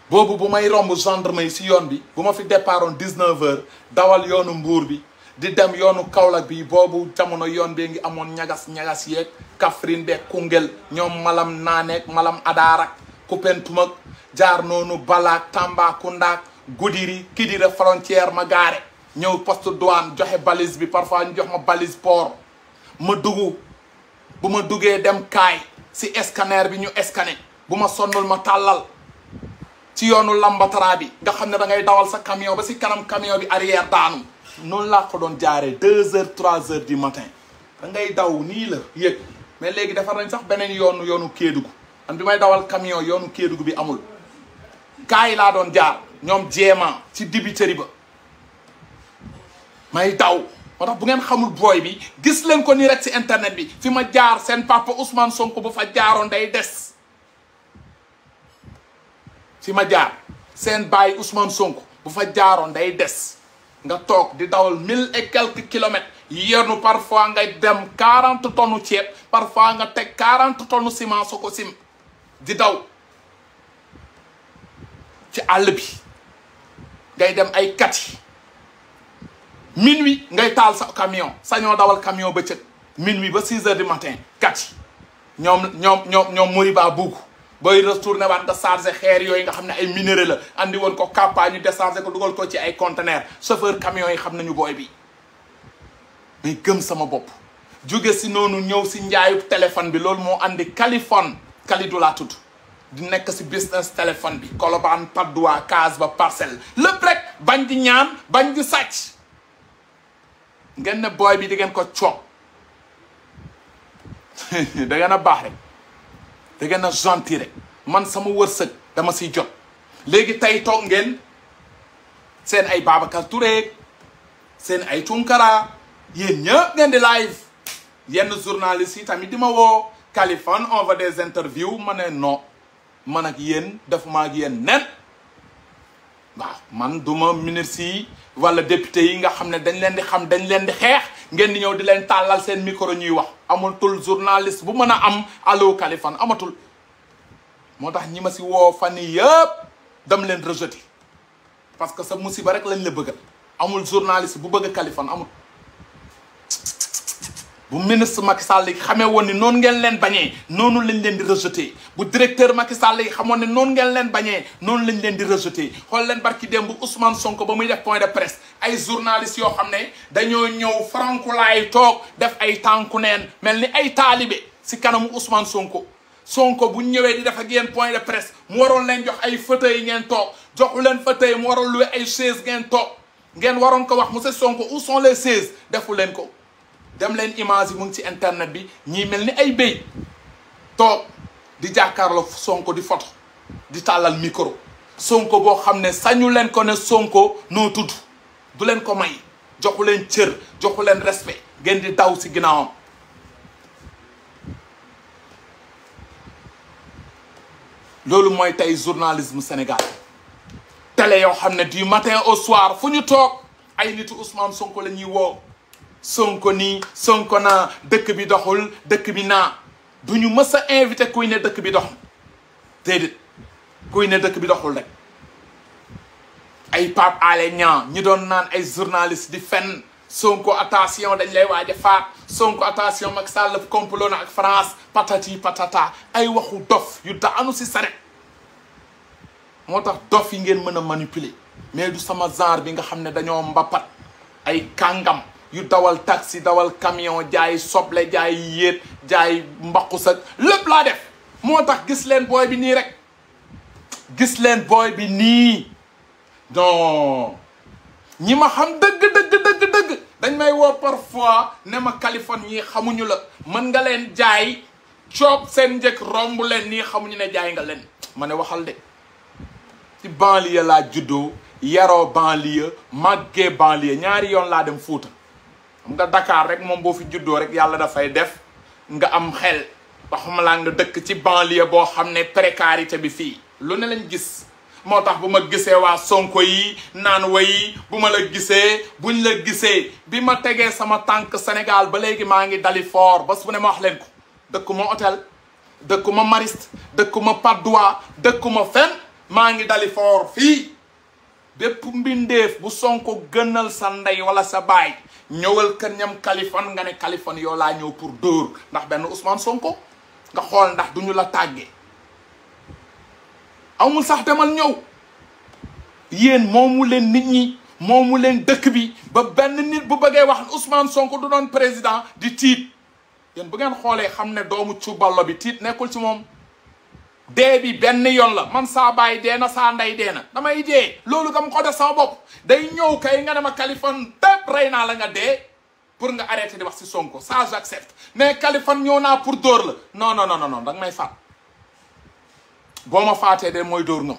boobu bu may romb ma yi si yoon bi bu ma fi départoon dix-neuf heures dawal yoonu mbuur bi di dem yoonu kawla bi boobu jamono yoon bee ngi amoon ñagas ñagas yeeg kafrin beeg Koungheul ñoom malam naaneeg malam adaarak Koupentoum ak jaar noonu Balaak Tambacounda Goudiri Kidira frontière ma gaare ñëw poste douane joxe balise bi parfois ñu jox ma balise port ma duggu bu ma duggee dem kaay si scanner bi ñu scanner bu ma sonnul ma tàllal ci yoonu lambatara bi nga xam ne da ngay dawal sa camion ba si kanam camion bi arrière daanu noonu laa ko doon jaaree deux heures trois heures di matin da ngay daw nii la yëg mais léegi defar nañ sax beneen yoonu yoonu Kédougou man bi may dawal camion yoonu kéedugu bi amul gars yi laa doon jaar ñoom jéema ci dibiteri ba may daw moo tax bu ngeen xamul booy bi gis leen ko ni rek si internet bi fi ma jaar seen papa Ousmane Sonko bu fa jaaroon day des fi ma jaar seen baay Ousmane Sonko bu fa jaaroon day des nga toog di dawal mille et quelques kilomètres yenn parfois ngay dem quarante tonnes ceeb parfois nga teg quarante tonnes ciment soo ko sim di daw ci àll bi ngay dem ay kati minuit ngay taal sa camion sañoo dawal camion bëccëg minuit ba six heures du matin kati ñoom ñoom ñoom ñoom Moriba booy retourné waat nga chargé xeer yooyu nga xam ne ay minerais la andi woon ko kappa ñu déchargé ko dugal ko ci ay conteneur chauffeur camions yi xam nañu booy bi mais gëm sama bopp jóge si noonu ñëw si njaayub téléphone bi loolu moo andi Kaliphone Kalidou laa tudd di nekk si business téléphone bi Colobane Patte d'Oie case ba parcelle lépp rek bañ di ñaan bañ di sàcc ngeen ne booy bi di ngeen ko coow (laughs) da ngeen a baax rek da ngeen a gentil man sama wërsëg dama si jot léegi tey toog ngeen seen ay Babacar Touré seen ay Tunkara yéen ñëpp ngeen di live yenn journaliste yi tamit di ma woo Kaliphone on va des interviews ma ne non man ak yéen daf ma ak yéen nen waaw man duma ministre yi wala député yi nga xam ne dañ leen di xam dañ leen di xeex ngeen di ñëw di leen tàllal seen micro ñuy wax amatul journaliste bu mën a am Allo Kalifane amatul moo tax ñi ma si woo fan yii yëpp dam leen rejeté parce que sa musiba rek lañ la bëggal amul journaliste bu bëgg Kalifane amul. bu ministre Macky Sall yi xamee woon ni noonu ngeen leen bañee noonu lañ leen di rejeté bu directeur Macky Sall yi xamoon ne noonu ngeen leen bañee noonu lañ leen di rejeté xool leen barki démb bu Ousmane Sonko ba muy def point de presse ay journalistes yoo xam ne dañoo ñëw farankulaay toog def ay tànku neen mel ni ay taalibe si kanamu Ousmane Sonko Sonko bu ñëwee di def ak yéen point de presse mu waroon leen jox ay fauteuil yi ngeen toog joxu leen fauteuil mu waroon luwe ay chaise ngeen toog ngeen waroon ko wax monsieur Sonko où sont les chaises defu leen ko dem leen image yi mu ngi ci internet bi ñii mel ni ay béy toog di jàkkaarloo Sonko di photo di tàllal micro. Sonko boo xam ne sañu leen ko ne Sonko noo tudd du leen ko may joxu leen cër joxu leen respect ngeen di daw ci ginnaawam. loolu mooy tey journalisme Sénégal tele yoo xam ne du matin au soir fu ñu toog ay nitu Ousmane Sonko la ñuy woo. sonko nii sonko naa dëkk bi doxul dëkk bi naa du ñu mës a invité kuy ne dëkk bi doxul déedéet kuy dëkk bi doxul rek ay Pape Alé Niang ñi doon naan ay journaliste di fenn sonko attention dañ lay waaj a faat sonko attention Macky Sall complot na ak France patati patata ay waxu dof yu daanu si saret moo tax dof yi ngeen mën a manipuler mais du sama genre bi nga xam ne dañoo mbappat ay kàngam yu dawal taxi dawal camion jaay soble jaay yéet jaay mbaqu sa lépp laa def moo tax gis leen booy bi nii rek gis leen booy bi nii non ñi ma xam dëgg dëgg dëgg dëgg dañ may woo parfois ne ma Kaliphone ñii xamuñu la mën nga leen jaay coob seen njëkk romb leen nii xamuñu ne jaay nga leen ma ne waxal de ci banlieue laa juddoo yaroo banlieue màggee banlieue ñaari yoon laa dem Fuuta xam nga Dakar rek moom boo fi juddoo rek yàlla dafay def nga am xel waxuma laa nga dëkk ci banlieue boo xam ne précarité bi fii lu ne lañ gis moo tax bu ma gisee waa Sonko yi naan wa yi bu ma la gisee buñ la gisee bi ma tegee sama tànk Sénégal ba léegi maa ngi dali foor ba bu ne ma wax leen ko ma dëkkuma hôtel dëkkuma Mariste dëkkuma Patte d'Oie dëkkuma fen maa ngi dali fort fii bépp mbindeef bu Sonko gënal sa ndey wala sa baay ñëwal kër ñam kalifan nga ne Kaliphone yow laa ñëw pour dóor ndax benn Ousmane Sonko nga xool ndax duñu la tàggee amul sax demal ñëw yéen moomu leen nit ñi moomu leen dëkk bi ba benn nit bu bëggee wax Ousmane Sonko du doon président di tiit yéen bu ngeen xoolee xam ne doomu cuballo bi tiit nekkul ci moom dee bi benn yoon la man saa baay dee na saa ndey dee na damay dee loolu dama ko def sama bopp day ñëw kay nga dema Kaliphone tépp rey naa la nga dee pour nga arrêté di wax si Sonko ça j'accepte mais Kaliphone ñëw naa pour dóor la no non no non dang may faat boo ma faatee de mooy dóor nga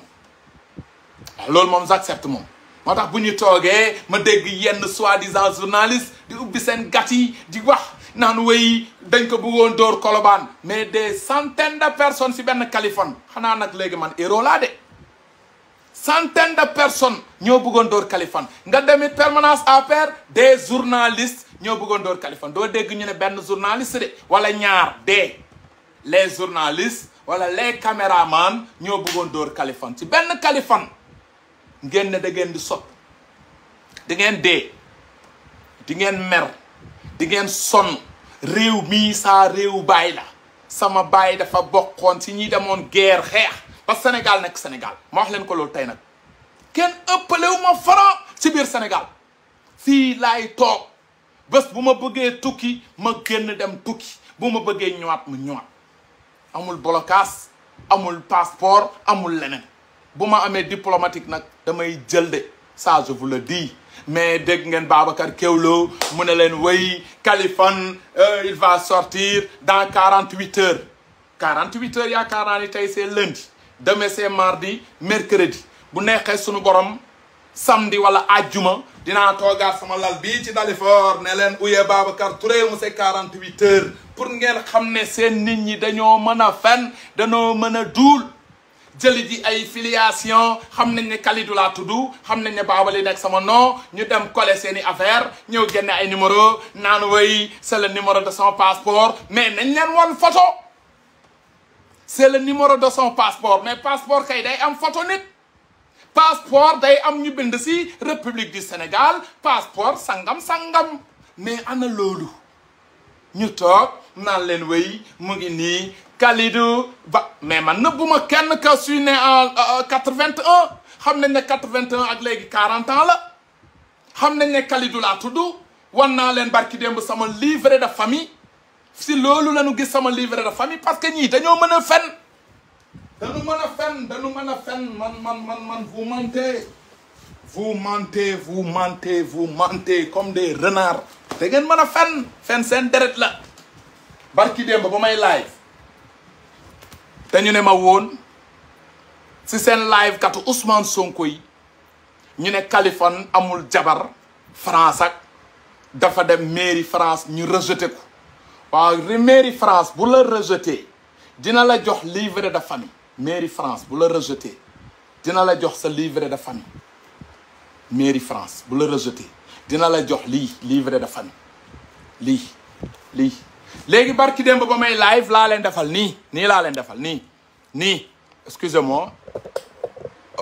ah, loolu moom j'accepte moom moo tax bu ñu toogee ma dégg yenn soi-disant journaliste di ubbi seen gat yi di wax naan wéy dañ ko bëggoon dóor kolobaan mais des centaines de personnes si benn Kaliphone xanaa nag léegi man héros laa de centaines de personnes ñoo buggoon dóor Kaliphone nga demit à APR des journalistes ñoo buggoon door Kaliphone doo dégg ñu ne benn journaliste de wala ñaar de les journalistes wala les caméramans ñoo buggoon dóor Kaliphone ci benn Kaliphone ngeen ne da di sot da ngeen dee di ngeen mer di sonn réew mii saa réew baay la sama baay dafa bokkoon si ñi demoon guerre xeex ba Sénégal nekk Sénégal ma wax leen ko loolu tey nag kenn ëppalewu ma faran ci biir Sénégal si laay toog bés bu ma bëggee tukki ma génn dem tukki bu ma bëggee ñëwaat mu ñëwaat amul blocage amul passeport amul leneen bu ma amee diplomatique nag damay jël de ça je vous le dis mais dégg ngeen Babacar Kewlo mu ne leen way Kaliphone euh, il va sortir dans quarante huit heures quarante huit heures yaakaar naa ni tey c'est lundi demain c'est mardi mercredi bu neexee sunu borom samedi wala ajjuma dinaa toogaat sama lal bii ci Dalifort ne leen uye Babacar Touré mu c'est quarante huit heures pour ngeen xam ne seen nit ñi dañoo mën a fen dañoo mën a duul jëli ji ay filiation xam nañ ne Kalidou laa tudd xam nañ ne Baabali nekk sama nom ñu dem coller seen i affaire ñëw génne ay numéro naan woy c'est le numéro de son passeport mais nañ leen woon photo c'est le numéro de son passeport mais passeport kay day am photo nit passeport day am ñu bind si République du Sénégal passeport sangam-sangam mais ana loolu ñu toog naan leen way mu ngi nii Kalidou Ba mais man nëbbuma kenn que suis né en 81 euh, xam nañ ne 81 ak léegi 40 ans la xam nañ ne Kalidou laa tudd wan naa leen barki démb sama livret de famille si loolu la nu gis sama livret de famille parce que nii dañoo mën a fen dañu mën a fen dañu mën a fen man man man man vous mentez vous mentez vous mentez vous mentez comme des renards da ngeen mën a fen fen seen deret la barki démb ba may live te ñu ne ma woon ci seen live katu Ousmane Sonko yi ñu ne Kaliphone amul jabar France ak dafa dem mairie France ñu rejeté ko waaw mairie France bu la rejeté dina la jox livret de famille mairie France bu la rejeté dina la jox sa livret de famille mairie France bu la rejeté dina la jox lii livret de famille lii lii léegi barki dem ba may live laa leen defal nii nii laa leen defal nii nii excusez-moi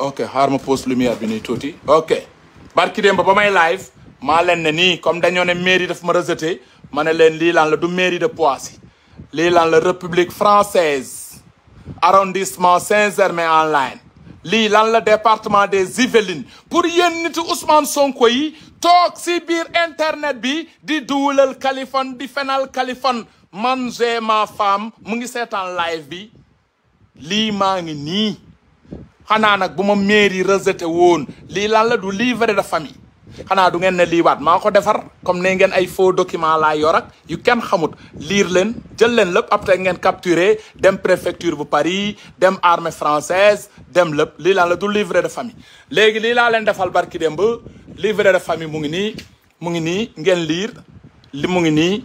ok xaar ma pose lumière bi nii tuuti ok barki dem ba may live maa leen ne nii comme dañoo ne mairi daf ma rejeté ma ne leen lii laan la du mairie de Poissy lii laan la république française arrondissement Saint-Germain en Laye lii lan la département des Yvelines pour yéen niti Ousmane Sonko yi toog si biir internet bi di duulal Kaliphone di fenal Kaliphone man j'ai ma mu ngi seetaan live bi lii maa ngi nii xanaa nag bu ma mairie rejeté woon lii lan la du livret de famille xanaa du ngeen ne lii maa ko defar comme ne ngeen ay faux document la yorak yu kenn xamut liir leen jël leen lépp après ngeen capturé dem préfecture bu Paris dem armée française dem lépp lii laa la du livret de famille léegi lii laa leen defal barki dem ba livret de famille mu ngi nii mu ngi nii ngeen liir li mu ngi nii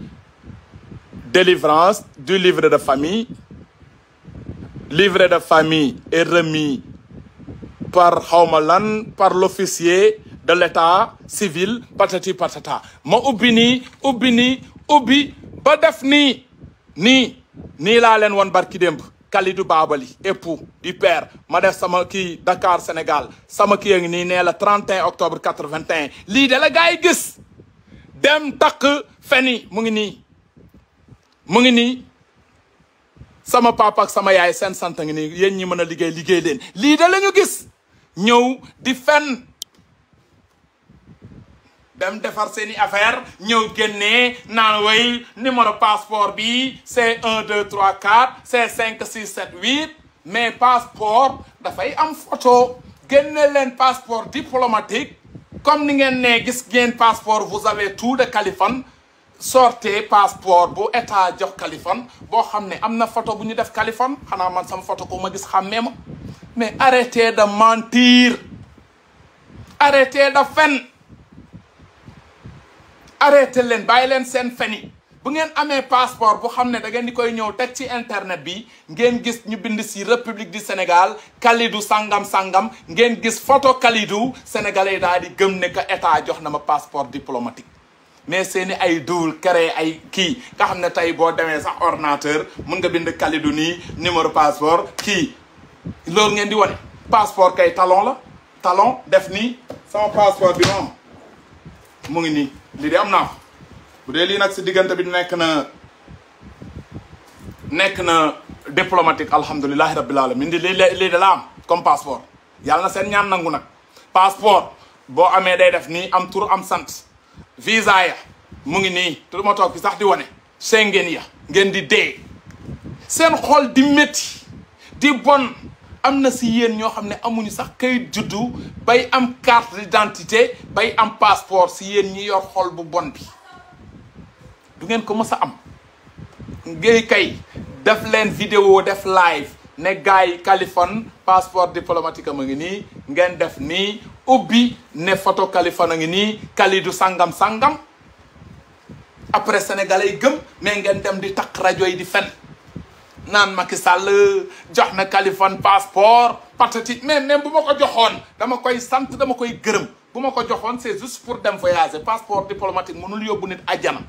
délivrance du livret de famille livre de famille est remis par xawma lan par l'officier de l'état civil patati patata ma ubbi nii ubbi nii ubbi ba def nii nii nii laa leen woon barki démb Kalidou Babali époux du père ma def sama kii Dakar Sénégal sama kii a ngi nii nee la 31 octobre 81 lii de la gars yi gis dem tak feni mu ngi nii mu ngi ni sama papa ak sama yaay sen sant ngi nii yen ñi mën a liggéey liggéey leen lii de la ñu gis ñëw di fen dem defar seen i affaire ñëw génnee naan way numéro passeport bi c'est un deux trois quatre c'est cinq six sept huit mais passeport dafay am photo génne leen passeport diplomatique comme ni ngeen ne gis ngeen passeport vous avez tout de Kaliphone sortez passeport bu état jox Kaliphone boo xam ne am na photo bu ñu def Kaliphone xanaa man sama ma gis xàmmee mais arrêtez de mentir arrêtez de fen arrêté leen bàyyi leen seen feni bu ngeen amee passeport bu xam ne da ngeen di koy ñëw teg ci internet bi ngeen gis ñu bind si république du Sénégal Kalidou sangam sangam ngeen gis photo Kalidou sénégalais yi daal di gëm ne que état jox na ma passeport diplomatique. mais seeni ay duul créé ay kii nga xam ne tey boo demee sax ordinateur mun nga bind Kalidou nii numéro passeport kii loolu ngeen di wane passeport kay talon la talon def nii sama passeport bi moom mu ngi nii. lii de am naa ko bu dee lii nag si diggante bi nekk na nekk na diplomatique alhamdulilahi rabbil alamin di lii lii de la am comme passeport yàlla na seen ñaan nangu nag passeport boo amee day def nii am tur am sant visa ya mu ngi nii te du toog fi sax di wane ngeen ya ngeen di dee seen xool di métti di bon am na si yéen ñoo xam ne amuñu sax kayit juddu bay am carte d'identité bay am passeport si yéen ñi yor xol bu bon bi du ngeen ko mës a am ngay kay def leen vidéo def live ne gars yi Kaliphone passeport diplomatique am a ngi nii ngeen def nii ubbi ne photo Kaliphone a ngi nii Kalidou sangam sàngam après sénégalais yi gëm mais ngeen dem di takk rajo yi di fen naan Macky Sall jox na Kaliphone passeport patati mais même bu ma ko joxoon dama koy sant dama koy gërëm bu ma ko joxoon c'est juste pour dem voyager passeport diplomatique mënul yóbbu nit àjjana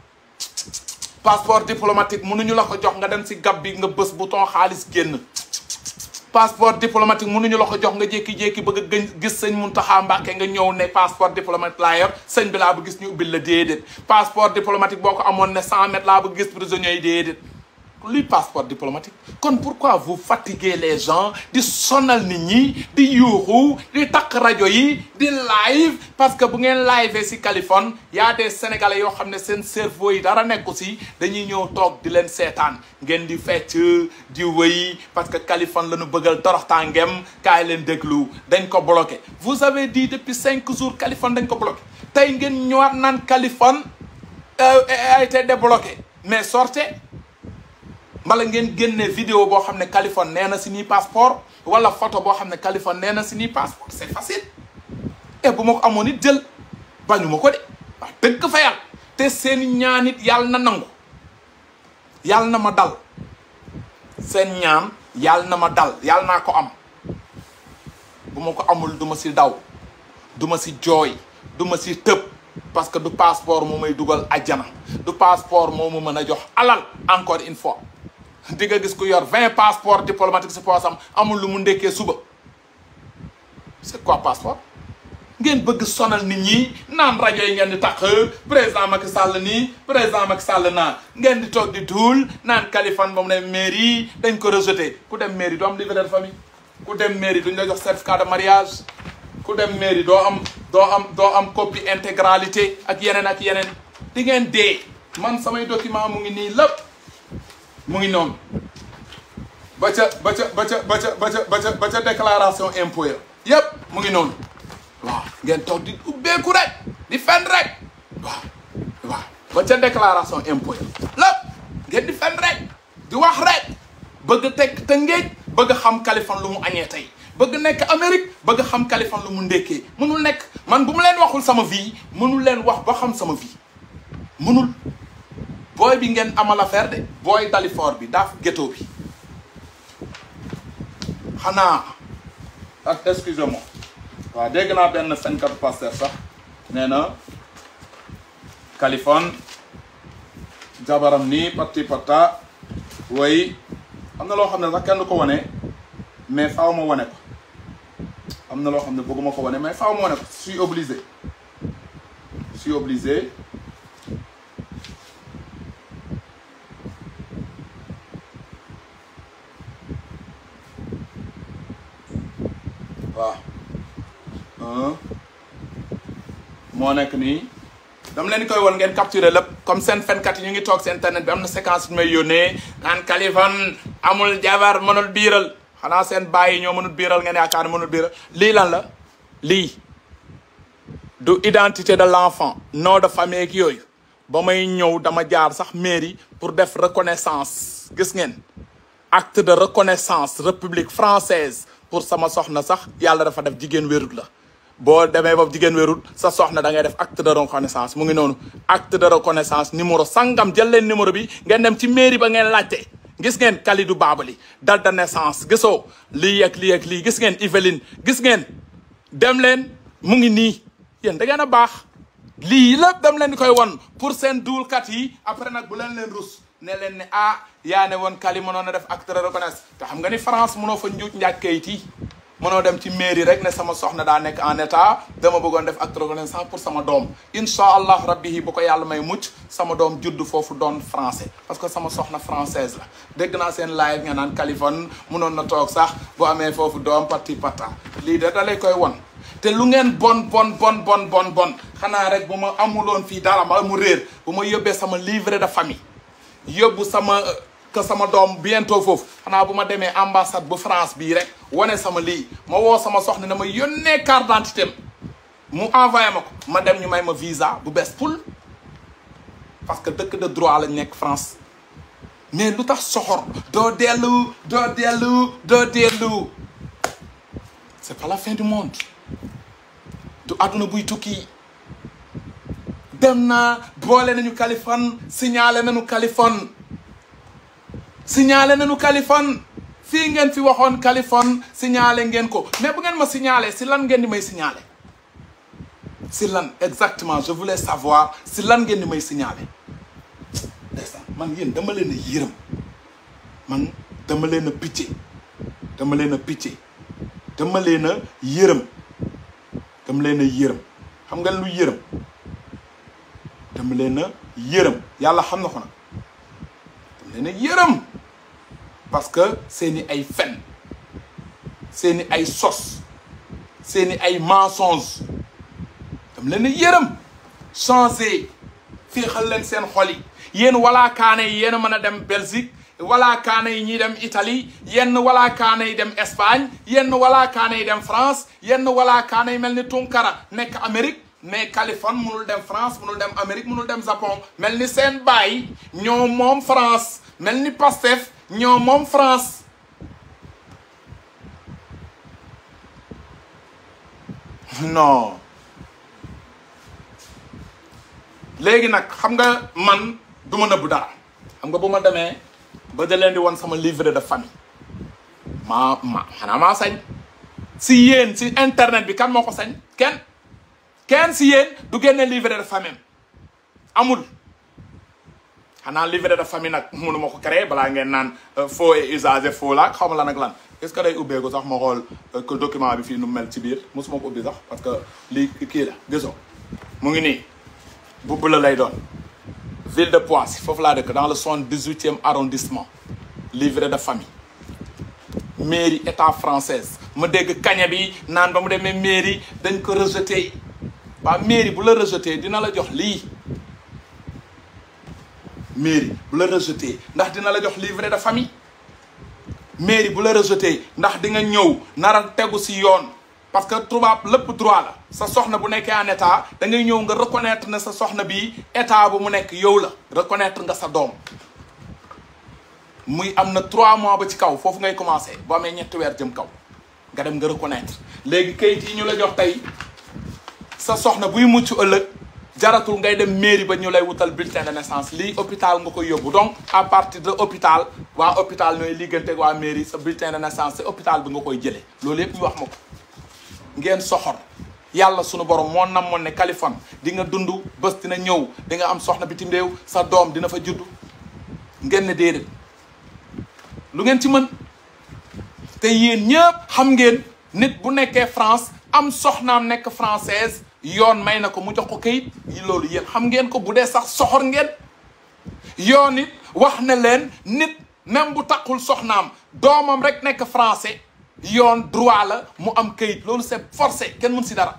passeport diplomatique mënuñu la ko jox nga dem si gab bi nga bës bu bouton xaalis génn passeport diplomatique mënuñu ñu ko jox nga jékki-jékki bëgg a gis sëñ Mountakha Mbacké nga ñëw ne passeport diplomatique laa yor sëñ bi laa bu gis ñu ubbil la déedéet passeport diplomatique boo ko amoon ne 100 mètres la bu gis prisonniers luy passeport diplomatique kon pourquoi vous fatiguez les gens di sonal nit ñi di yuuxu di takk rajo yi di live parce que bu ngeen live si Californie y a des sénégalais yoo xam ne seen cerveau yi dara nekku si dañuy ñëw toog di leen seetaan ngeen di fecc di wëy parce que Californie la ñu bëggal toroxtaa ngem kaay leen déglu dañ ko bloqué vous avez dit depuis cinq jours Californie dañ ko bloqué tey ngeen ñëwaat naan Californie euh, a été débloqué mais sortez mbala ngeen génne vidéo boo xam ne Kaliphone nee na si nii passeport wala photo boo xam ne Kaliphone nee na si nii passeport c'est facile et eh, bu ma ko amoon it jël bañu ma ko de wax dëgg fa yàlla te seen ñaan it yàlla na nangu yàlla na ma dal seen ñaan yàlla na ma dal yàlla naa ko am bu ma ko amul duma si daw duma si jooy duma si tëb parce que du passeport moo may dugal ajjana du passeport moo ma mën a jox alal encore une fois di nga gis ku yor vingt passeport diplomatique si poosam amul lu mu ndekkee suba c'est quoi passeport ngeen bëgg sonal nit ñi naan rajo yi ngeen di tax président Macky Sall ni président mak Sall naa ngeen di toog di duul naan Kaliphone ba mu dem mairie dañ ko rejeté ku dem mairie doo am livret famille ku dem mairie duñ la jox certificat de mariage ku dem mairie doo am doo am doo am copie intégralité ak yeneen ak yeneen di ngeen dee man samay document mu ngi nii lépp mu ngi noonu ba ca ba ca ba ca ba ca ba ca ba ca déclaration mu ngi noonu waaw ngeen toog di ubbeeku rek di fen rek waaw waaw ba ca déclaration impôt ya ngeen di fen rek di wax rek bëgg teg te ngeej bëgg xam Kaliphone lu mu añee tey bëgg nekk Amérique bëgg xam Kaliphone lu mu ndékkee mënul nekk man bu mu leen waxul sama vie mënul leen wax ba xam sama vie mënul booy bi ngeen amal affaire de booy Dalifort bi daaf ghetto bi xanaa ak excusez-moi waaw dégg naa benn fenkat pasteur sax nee na Kaliphone jabaram nii parti parta way am na loo xam ne sax kenn ko wone mais faaw ma wane ko am na loo xam ne bëgguma ko wane mais faaw ma wane ko suis obligé suis obligé waaw moo nekk nii dama leen koy won ngeen capturer lépp comme seen fenkat ñu ngi toog seen internet bi am na séquence bi may yónnee naan Kaliphone amul jabar mënul biiral xanaa seen bàyyi ñoo mënul biiral ngeen yaakaar mënul biiral lii lan la lii du identité de l'enfant nom de famille ak yooyu ba may ñëw dama jaar sax mairie pour def reconnaissance gis ngeen acte de reconnaissance république française pour sama soxna sax yàlla dafa def jigéen wérut la boo demee boobu jigéen wérut sa soxna da ngay def acte de reconnaissance mu ngi noonu acte de reconnaissance numéro sangam jël leen numéro bi ngeen dem ci mairie ba ngeen laajte gis ngeen Kalidou Babali date de naissance gisoo lii ak li ak lii gis ngeen Yveline gis ngeen dem leen mu ngi nii yéen da ngeen a baax lii la dem leen di koy won pour seen duulkat yi après nag bu leen leen rus ne leen ne ah yaa ne woon Kali mënoon na def acte de reconnaissance te xam nga ni France mënoo fa njuuj njaaj kayit yi mënoo dem ci mairie rek ne sama soxna daa nekk en état dama bëggoon def acte de reconnaissance pour sama doom incha allah rabbi boo ko yàlla may mucc sama doom judd foofu doon français parce que sama soxna française la dégg naa seen live nga naan Kaliphone mënoon na toog sax boo amee foofu doom parti pata lii de da lay koy won te lu ngeen bon bon bon bon bon bon xanaa rek bu ma amuloon fii dara ma mu réer bu ma yóbbee sama livret de famille yóbbu sama que sama doom bientôt foofu xanaa bu ma demee ambassade bu France bii rek wane sama lii ma woo sama soxna na ma yónnee carte d'identité mu envoyé ma ko ma dem ñu may ma visa bu bees poul parce que dëkk de droit lañ nekk France mais lu tax soxor doo dellu doo dellu doo dellu c'est pas la fin du monde du àdduna buy tukki dem naa boole nañu Kaliphone signalé nañu Kaliphone signalé nañu Kaliphone fii ngeen fi waxoon Kaliphone signalé ngeen ko mais bu ngeen ma signalé si lan ngeen di may signalé si lan exactement je voulais si lan ngeen di may signalé ndeysaan man yéen dama leen a yërëm man dama leen a dama leen a pitié dama leen yërëm dama leen a yërëm xam nga lu yërëm dama leen yërëm yàlla xam na ko nag dama leen yërëm parce que seeni ay fen seeni ay sos seeni ay mensonge dama leen a yërëm changé féexal leen seen xol yi yéen walaakaane yi yéen a mën a dem Belgique walaakaane yi ñuy dem itali yenn walaakaane yi dem Espagne yenn walaakaane yi dem France yenn walaakaane yi mel ni Tunkara nekk Amérique mais Kaliphone mënul dem France mënul dem Amérique mënul dem Japon mel ni seen baay ñoo moom France mel ni Pastef ñoo moom France non léegi nag xam nga man du ma nëbbu dara xam nga bu ma demee ba da leen di wan sama livret de famille maa ma xanaa maa sañ si yéen si internet bi kan moo ko sañ kenn kenn si yéen du génne livret de famille amul xanaa livret de famille nag mënu ma ko créer balaa ngeen naan euh, foo et usager faux la xaw ma lan ak lan est-ce que day ubbeeku sax ma xool euh, que document bi fii nu mel ci biir mosuma ko ubbi sax parce que lii kii la gisoo mu ngi nii bu bula lay doon ville de Poissy foofu laa dëkk dans le soixante-dix-huitième arrondissement livret de famille mairie état française ma dégg kaña bi naan ba mu demee mairie dañ ko rejeté waa mairie bu la rejeté dina la jox lii mairie bu la rejeté ndax dina la jox livret de famille mairie bu la rejeté ndax di nga ñëw nar a tegu si yoon parce que tubaab lépp droit la sa soxna bu nekkee en état da ngay ñëw nga reconnaître ne sa soxna bi état bu mu nekk yow la reconnaître nga sa doom muy am na trois mois ba ci kaw foofu ngay commencé boo amee ñetti weer jëm kaw nga dem nga reconnaître léegi kayit yi ñu la jox tey sa soxna buy mucc ëllëg jaratul ngay dem mairie ba ñu lay wutal bulletin de naissance lii hôpital nga koy yóbbu donc à partir de hôpital waa hôpital lii liggante ak waa mairie sa bulletin de naissance c'est hôpital bi nga koy jëlee loolu yëpp ñu wax ma ko ngeen soxor yàlla sunu borom moo namoon ne Kaliphone di nga dund bés dina ñëw di nga am soxna bitim réew sa doom dina fa judd ngeen ne déedéet lu ngeen ci mën te yéen ñëpp xam ngeen nit bu nekkee France am soxnaam nekk française yoon may na ko mu jox ko kayit yi loolu yéen xam ngeen ko bu dee sax soxor ngeen yoon it wax na leen nit même bu takkul soxnaam doomam rek nekk français yoon droit la mu am kayit loolu c'est forcé kenn mën si dara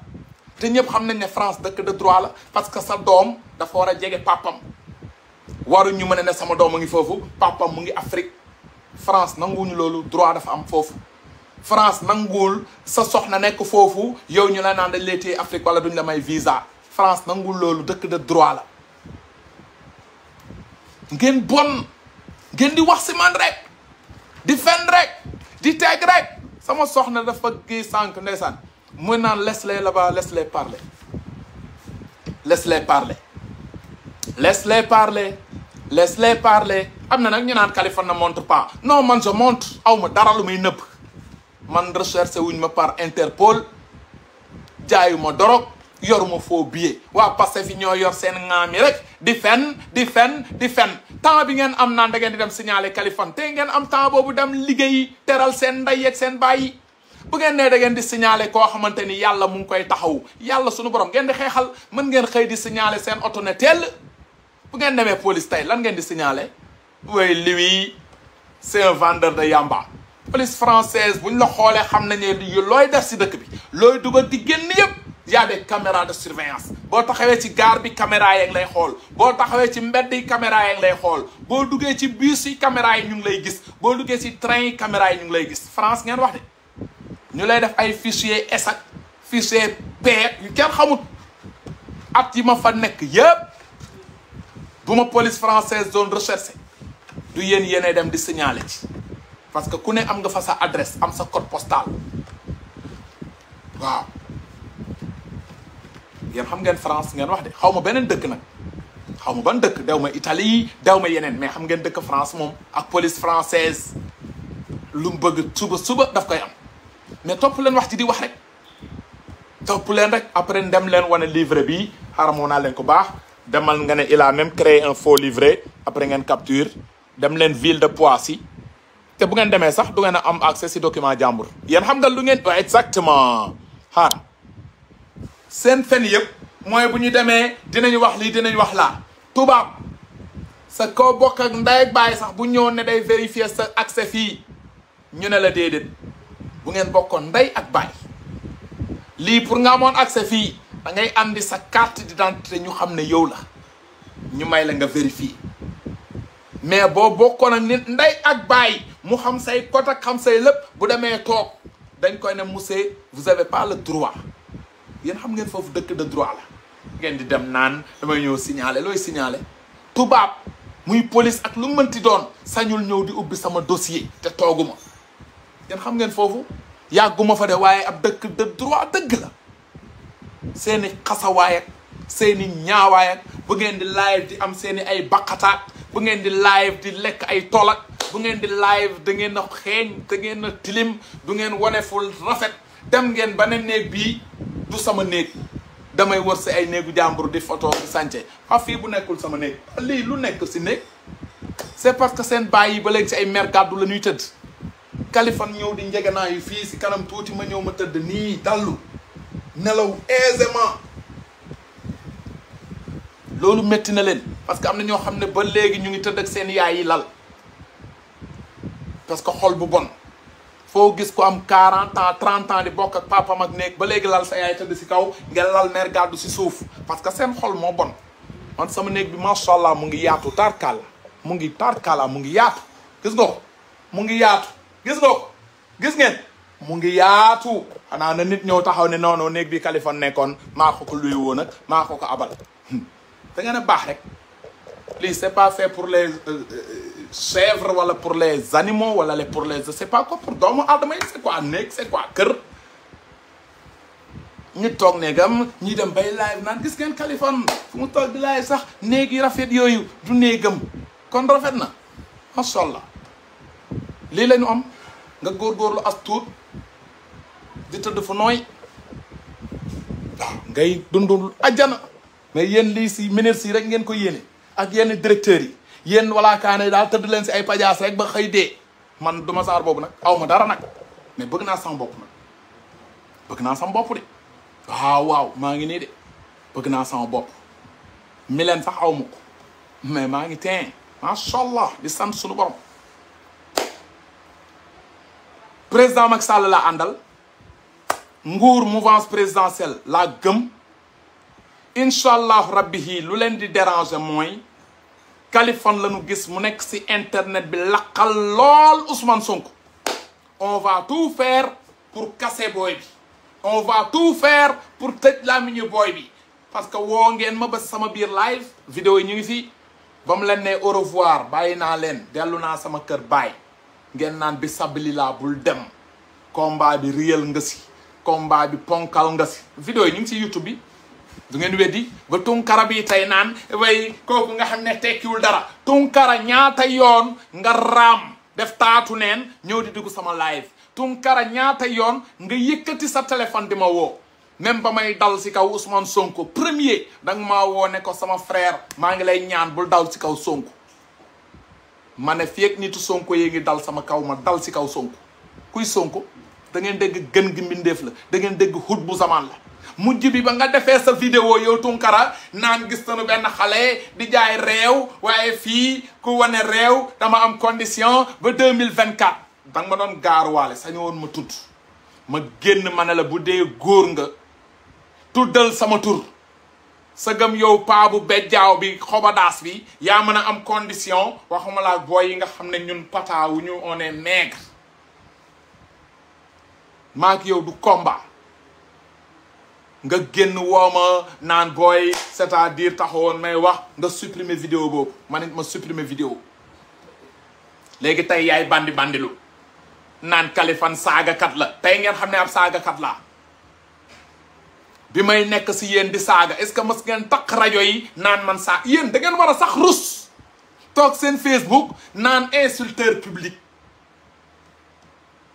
te ñëpp xam nañ ne France dëkk de droit la parce que sa doom dafa war a jege pàppam waru ñu mën a ne sama doom a ngi foofu papam mu ngi Afrique France nanguwuñu loolu droit dafa am foofu France nanguwul sa soxna nekk foofu yow ñu la naan dañ lay téye Afrique wala duñ la may visa France nanguwul loolu dëkk de droit la ngeen bon ngeen di wax si man rek di fen rek di teg rek sama soxna dafa kii sànq ndeysaan mu naan laisse-les là-bas les parler laisse-les parler laisse-les parler laisse-les parler am na nag ñu naan Kaliphone ne montre pas non man sa montre aw ma dara lu muy nëbb man recherché wuñ ma par Interpol jaayuma dorog yoruma faux billet waa parce fi ñoo yor seen ŋaam yi rek di fen di fen di fen temps bi ngeen am naan da ngeen di dem signaler Kaliphone te ngeen am temps boobu dem liggéeyi teral seen ndey ak seen baay bu ngeen nee da ngeen di signaler koo xamante ni yàlla mu ngi koy taxaw yàlla sunu borom ngeen di xeexal mën ngeen xëy di signaler seen oto ne teel bu ngeen demee police tey lan ngeen di signaler. way lui c'est un vendeur de yamba. police française bu ñu la xoolee xam nañu ne looy def si dëkk bi looy dugal di génn yëpp y a des de surveillance boo taxawee ci gaar bi caméra yi ngi lay xool boo taxawee ci mbedd yi caméra yi lay xool boo duggee ci bus yi caméra yi ñu ngi lay gis boo duggee ci train yi caméra yi ñu ngi lay gis France ngeen wax de ñu lay def ay fichier S ak fichier P yu kenn xamut at yi ma fa nekk yëpp bu ma police française zone recherché du yéen yéenay dem di signaler ci parce que ku ne am nga fa sa adresse am sa code postal waaw yéen xam ngeen France ngeen wax de xaw ma beneen dëkk nag xaw ma ban dëkk dew ma Italie dew ma yeneen mais xam ngeen dëkk France moom ak police francaise lu mu bëgg suba suba daf koy am mais topp leen wax ci di wax rek topp leen rek après ndem leen wane livre bi xaramoo naa leen ko baax demal nga ne il a même créé un faux livret après ngeen capture dem leen ville de Poissy te bu ngeen demee sax du ngeen a am accès si document jàmbur yéen xam nga lu ngeen waaw exactement xaar seen fen yëpp mooy bu ñu demee dinañ wax lii dinañ wax laa tubaab sa koo bokk ak ndey baay sax bu ñëwoon ne day vérifier sa accès fii ñu ne la déedéet bu ngeen bokkoon ndey ak baay lii pour nga amoon accès fii da ngay andi sa carte d'identité ñu xam ne yow la ñu may la nga vérifier mais boo bokkoon ak nit ndey ak baay mu xam say côté ak xam say lépp bu demee toog dañ koy ne monsieur vous avez pas le droit yéen xam ngeen foofu dëkk de droit la ngeen di dem naan damay ñëw signaler looy signaler tubaab muy police ak lu mu mënti doon sañul ñëw di ubbi sama dossier te tooguma yéen xam ngeen foofu yàgguma fa de waaye ab dëkk de droit dëgg la seeni xasawaay seen i ñaawaay bu ngeen di live di am seen i ay baqataak bu ngeen di live di lekk ay tolak bu ngeen di live da ngeen a xeeñ da ngeen a tilim du ngeen wane ful rafet dem ngeen ba ne néeg bii du sama néeg damay wër si ay néegu jàmbur di photo di sànce fii bu nekkul sama néeg lii lu nekk si néeg c'est parce que seen baay yi ba léegi si ay mer gàddu la ñuy tëdd kalifan ñëw di njeganaa yu fii si kanam tuuti ma ñëw ma tëdd nii dallu nelaw aisément loolu métti na leen parce que am na ñoo xam ne ba léegi ñu ngi tëdd ak seen yaay yi lal parce que xol bu bon foo gis ko am quarante ans 30 ans di bokk ak papam ak néeg ba léegi lal sa yaay tëdd si kaw nga lal mère gàddu si suuf parce que seen xol moo bon man sama néeg bi macha mu ngi yaatu tarkala mu ngi tarkala mu ngi yaatu gis nga ko mu ngi yaatu gis nga gis ngeen mu ngi yaatu xanaa na nit ñëw taxaw ne noonu néeg bi Kaliphone nekkoon maa ko ko luy woon ko abal da ngeen a baax rek lii c'est pas fait pour les euh, euh, chèvres wala pour les animaux wala les pour les je sais pas quoi pour doomu aadama yi c'est quoi néeg c'est quoi kër ñu toog néegam ñi dem bay live naan gis ngeen Kaliphone fu mu toog di sax néeg yu rafet yooyu du néegam kon rafet na macha allah lii la ñu am nga góorgóorlu as tuut di tëdd fu nooy waaw ngay dundul ajjana mais yéen lii si yi rek ngeen ko yéene ak yenn directeurs yi yéen walaakaane daal tëdd leen si ay pajaas rek ba xëy dee man du ma saar boobu nag aw dara nag mais bëgg naa sama bopp nag bëgg naa sama bopp de waaw waaw maa ngi nii de bëgg naa sama bopp leen sax aw ma mais maa ngi teen macha allah di sant suñu borom président Macky Sall laa àndal nguur mouvance présidentielle laa gëm incha allahu rabbi yi lu leen di déranger mooy Kaliphone la ñu gis mu nekk ci internet bi laqal lool Ousmane sunk on va tout faire pour casser booy bi on va tout fair pour tëj la booy bi parce que woo ngeen ma ba sama biir live vidéo yi ñu ngi fi ba mu leen nee au revoir bàyyi naa leen dellu naa sama kër baay ngeen naan bi sabali laa bul dem combat bi réel nga si komba bi ponkal nga si vidéo yi ñu ngi si YouTube bi du ngeen weddi ba tunkara bi tey naan way kooku nga xam ne tekkiwul dara tunkara ñaata yoon nga raam def taatu neen ñëw di dugg sama live tunkara ñaata yoon nga yëkkati sa téléphone di ma woo même ba may dal si kaw Ousmane Sonko premier danga maa woone ko sama frère maa ngi lay ñaan bul daw si kaw Sonko ma ne fii nitu Sonko yee ngi dal sama kaw ma dal si kaw Sonko kuy Sonko da ngeen dégg gën gi mbindeef la da ngeen dégg xut bu zaman la mujj bi ba nga defee sa vidéo yow Tunkara naan gis nañu benn xale di jaay réew waaye fii ku wane réew dama am condition ba deux mille vingt quatre da ma doon gaaruwaale sañu woon ma tudd ma génn ma ne la bu dee góor nga tuddal sama tur sëgam yow paa bu bejjaaw bi xobadaas bi yaa mën a am condition waxuma laa booy yi nga xam ne ñun wu ñu on est maigre maak yow du combat nga génn wooma naan gooy c'est-à-dire taxawoon may wax nga supprimer vidéo boobu man it ma supprimer vidéo léegi tey yaay bandi bandilu naan Kaliphone saagakat la tey ngeen xam ne ab saagakat la bi may nekk si yéen di saaga est-ce que mas ngeen takk rajo yi naan man saa yéen da ngeen war a sax rus toog seen Facebook naan insulteur public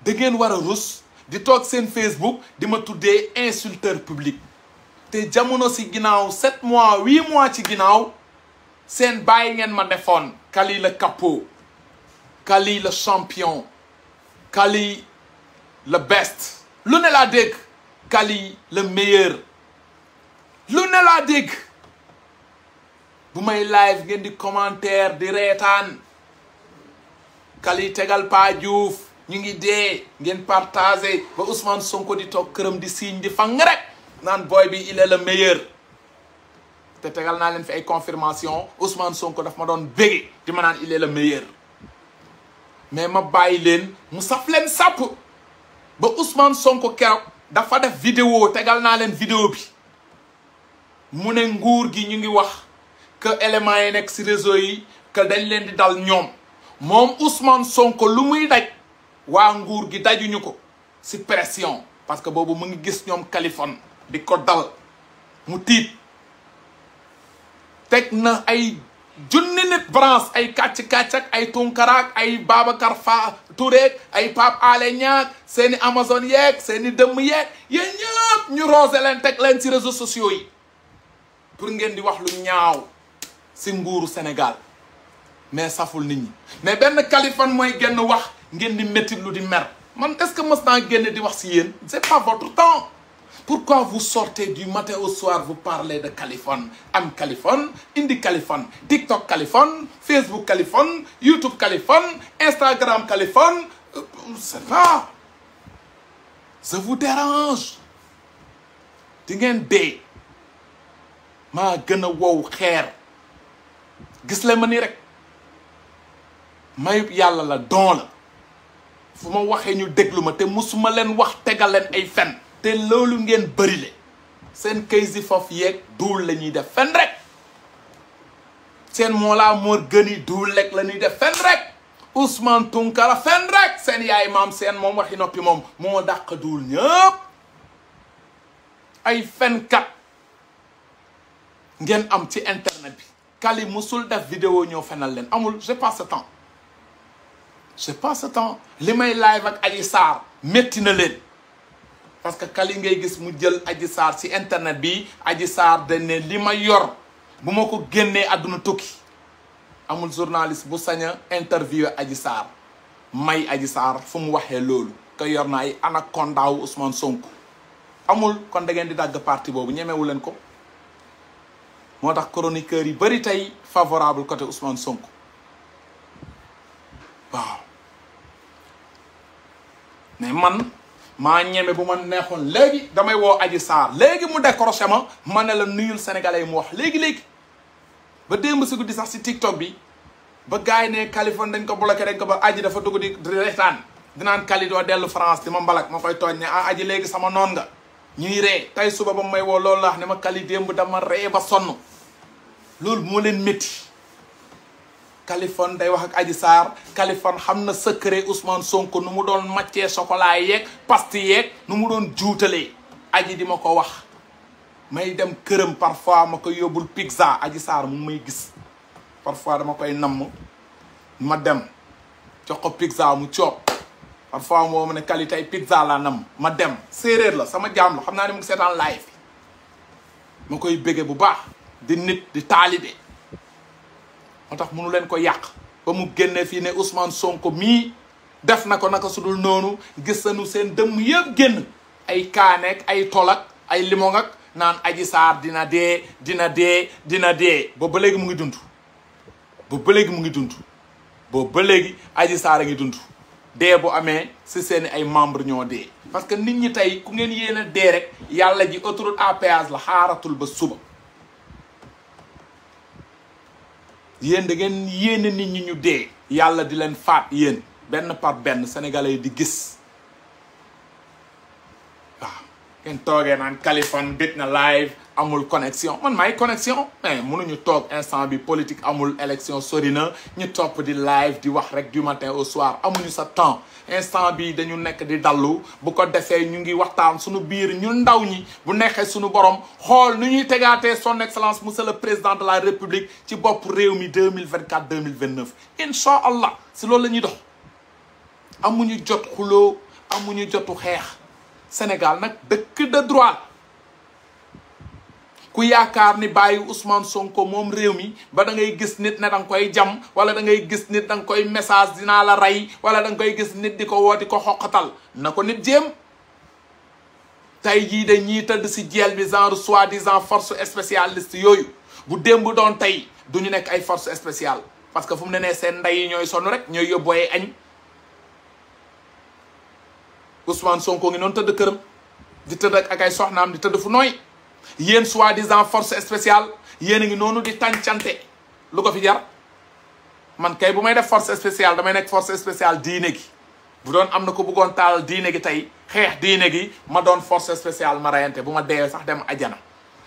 da ngeen war a rus di toog seen Facebook di ma tuddee insulteur public te jamono ci ginnaaw sept mois huit mois ci ginnaaw seen bàyyi ngeen ma defoon Kali le capot Kali le champion Kali le best lu ne laa dégg Kali le meilleur lu ne laa dégg bu may live ngeen di commentaire di reetaan Kali tegal Pa ñu ngi dee ngeen partagé ba Ousmane Sonko di toog këram di signe di fang rek naan boy bi il la le te tegal naa leen fi ay confirmation Ousmane Sonko daf ma doon bége di ma naan il la le mais ma bàyyi leen mu saf leen sàpp ba Ousmane Sonko keroog dafa def vidéo tegal naa leen vidéo bi mu ne nguur gi ñu ngi wax que éléments yi nekk si réseau yi que dañ leen di dal ñoom moom Ousmane Sonko lu muy daj. waa nguur gi dajuñu ko si pression parce que boobu mu ngi gis ñoom Kaliphone di ko dal mu tiit teg na ay junni nit branche ay kàcc-kàcc ay tunkaraak ay Babacar Fa Touré ay Pape Alé Niang seeni Amazon yeeg seeni dëmm yeeg yéen ñëpp ñu roose leen teg leen ci réseaux sociaux yi pour ngeen di wax lu ñaaw si nguuru Sénégal mais saful nit ñi mais benn Kaliphone mooy genn wax ngeen di métti lu di mer man est-ce que mës naa génne di wax si yéen c'est pas votre temps pourquoi vous sortez du matin au soir vous parlez de Kaliphone am Kaliphone indi Kaliphone TikTok Kaliphone Facebook Kaliphone YouTube Kaliphone Instagram Kaliphone c'est euh, pas ça vous dérange di dee maa gën a wow xeer gis le ma rek mayub yàlla la don la fu ma waxee ñu déglu ma te musuma leen wax tegal leen ay fen te loolu ngeen bëri le seen kaysi foofu yeeg duul la ñuy def fen rek seen Mollah Morgun gëni duul rek la ñuy def fen rek Ousmane Tounkara fen rek seen yaay maam seen moom waxi noppi moom moo dàq duul ñëpp ay fenkat ngeen am ci internet bi Kali musul def video ñoo fenal leen amul j'ai pas ce temps c'est pas ce temps li may live ak Adji Sarr métti na leen parce que kali ngay gis mu jël Adji Sarr ci internet bi aji Sarr dañ ne ma yor bu ma ko génnee àdduna tukki amul journaliste bu sañ a interview aji Sarr may aji Sarr fu mu waxee loolu que yor na ay anaconda wu Ousmane Sonko amul kon da ngeen di dagg parti boobu ñemewu leen ko moo tax chroniqueurs yi bëri tey favorable côté Ousmane Sonko waaw mais man maa ñeme bu ma neexoon léegi damay woo aji Sarr léegi mu décroché ma ma ne la nuyul sénégalais yi mu wax léegi léegi ba démb si guddi sax si TikTok bi ba gars yi ne Kaliphone dañ ko bloqué dañ ko ba Adji dafa dugg di reetaan dinaan Kali doo dellu France di ma mbalak ma koy tooñ ne ah Adji léegi sama noon nga ñuy ree tey suba ba mu may woo loolu la wax ne ma Kali démb dama ree ba sonn loolu moo leen métti Kaliphone day wax ak Adji Sarr Kaliphone xam na secret Ousmane Sonko nu mu doon màccee chocolat yeeg pasti yeeg nu mu doon juutalee aji di ma ko wax may dem këram parfois ma ko yóbbul pizza Adji saar mu may gis parfois dama koy namm ma dem jox ko pizza mu coob parfois moo ma ne qualité pizza laa nam ma dem séeréer la sama jaam la xam naa ne mu seetaan live ma koy bége bu baax di nit di taalibe moo tax munu leen ko yàq ba mu génne fii ne Ousmane Sonko mii def na ko naka sudul noonu gis nañu seen dëmm yëpp génn ay kaaneek ay tolak ay limon ak naan aji saar dina dee dina dee dina dee ba léegi mu ngi dund ba léegi mu ngi dund ba léegi aji saar a ngi dund dee bu amee si seen ay membre ñoo dee parce que nit ñi tey ku ngeen yéen a dee rek yàlla ji autoroute à péage la xaaratul ba suba yéen da ngeen yéene nit ñi ñu dee yàlla di leen faat yéen benn par benn sénégalais di gis waaw ngeen toogee naan Kaliphone bit na live amul connexion man maay connexion mais ñu toog instant bi politique amul élection sori na ñu topp di live di wax rek du matin au soir amuñu sa temps instant bi dañu nekk di dallu bu ko defee ñu ngi waxtaan suñu biir ñu ndaw ñi bu neexee suñu borom xool nu ñuy tegaatee son excellence monsieur le président de la république ci bopp réew mi 2024 2029 incha allah si lool la ñuy dox amuñu jot xuloo amuñu jotu xeex Sénégal nag dëkk de droit ku yaakaar ni bàyyi Ousmane Sonko moom réew mi ba da ngay gis nit na danga nga koy jam wala da ngay gis nit danga koy message dinaa la rey wala da nga koy gis nit di ko di ko xoqatal na ko nit jéem tey jii de ñiy tëdd si jeel bi genre soi-disant force spécialiste yooyu bu démb doon tey du ñu nekk ay force spéciale parce que fu mu ne nee seen ndey ñooy sonn rek ñooy yóbbu ay añ Ousmane Sonko ngi noonu tëdd këram di tëdd ak ay soxnaam di tëdd fu nooy yéen soi-disant force spéciale yéen a ngi noonu di tàncante lu ko fi jar man kay bu may def force spéciale damay nekk force spéciale diine gi bu doon am na ko buggoon taal diine gi tey xeex diine gi ma doon force spéciale ma rayante bu ma dee sax dem ajana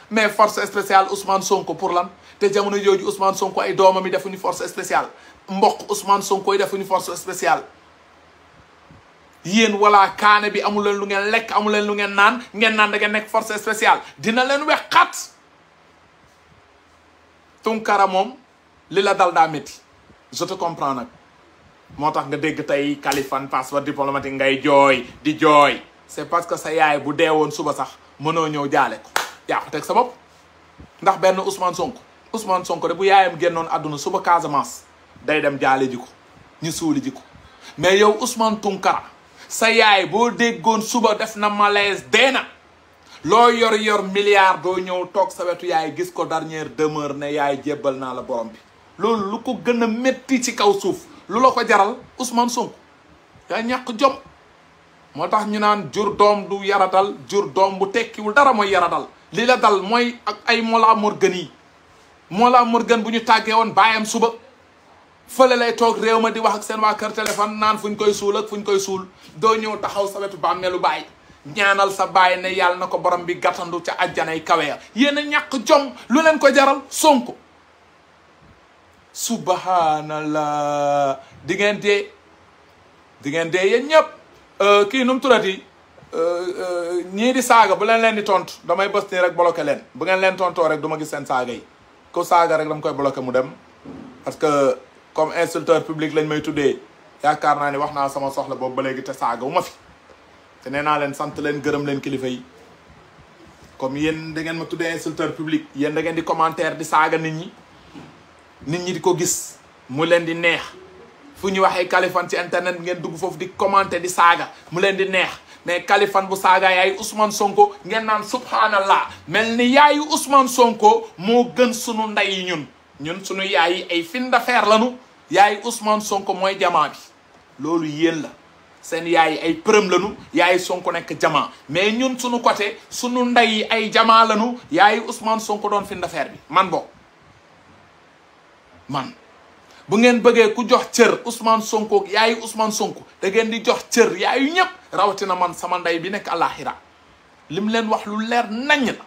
mais force spéciale Ousmane sonk pour lan te jamono jooju Ousmane sonk ay doomam yi defuñu force spéciale mbokk Ousmane Sonko yi defuñu force spéciale yéen wala kaane bi amu lu ngeen lekk amuleen lu ngeen naan ngeen naan da ngeen nekk force spéciale dina leen wexxaat Tunkara moom li la dal daa métti je te comprends nag moo tax nga dégg tey Kaliphone passeport diplomatique ngay jooy di jooy c'est parce que sa yaay bu dee woon suba sax mënoo ñëw jaale ko yaa ko teg sa bopp ndax benn Ousmane Sonko Ousmane Sonko rek bu yaayam génnoon àdduna suba Casamance day dem jaale ji ko ñu suuli ji ko mais yow Ousmane Tunkara sa yaay boo déggoon suba def na malaise dee na loo yor-yor milliard doo ñëw toog sa wetu yaay gis ko dernière demeure na yaay jébbal naa la borom bi loolu lu ko gën a métti ci kaw suuf lu la ko jaral Ousmane Sonko yaa ñàkk jom moo tax ñu naan jur doom du yaradal jur doom bu tekkiwul dara mooy yaradal li la dal mooy ak ay Mollah Morgan yi Mollah Morgan bu ñu tàggee woon baayam suba fële lay toog réew ma di wax ak seen waa kër téléphone naan fu ñu koy suulak ak fu ñu koy suul doo ñëw taxaw sa wetu bàmmeelu baay ñaanal sa baay ne yàlla na ko borom bi gàttandu ca ajjanay kaweer yéen a ñàkk jom lu leen ko jaral Sonko subhanallah di ngeen dee di ngeen dee yéen ñëpp euh, kii nu mu turati euh, euh, ñii di saaga bu leen leen di tontu damay bës nii rek bloqué leen bu ngeen leen tontoo rek du ma gis seen saaga yi ko saaga rek dama koy bloqué mu dem comme insulteur public lañ may tuddee yaakaar naa ni wax naa sama soxla boobu ba léegi te saagawu ma fi nee naa leen sant leen gërëm leen kilifa yi comme yéen da ma tuddee insulteur public yéen da ngeen di commentaire di saaga nit ñi nit ñi di ko gis mu leen di neex fu ñuy waxee Kaliphone ci internet ngeen dugg foofu di commenter di saaga mu leen di neex mais kalifan bu saaga yaayu Ousmane Sonko ngeen naan subhanallah mel ni yaayu Ousmane Sonko moo gën sunu ndey ñun ñun sunu yaay yi ay fin d'affaire lañu yaay Ousmane Sonko mooy jamaa bi loolu yéen la seen yaay ay përëm lanu yaay Sonko nekk jamaa mais ñun suñu côté suñu nday ay jamaa lanu yaay usmaan Sonko doon fi ndafeer bi man bo man bu ngeen bëggee ku jox cër Ousmane Sonko yaayu Ousmane Sonko da ngeen di jox cër yaayu ñëpp rawatina man sama ndey bi nekk àllaaxira lim leen wax lu leer nañ la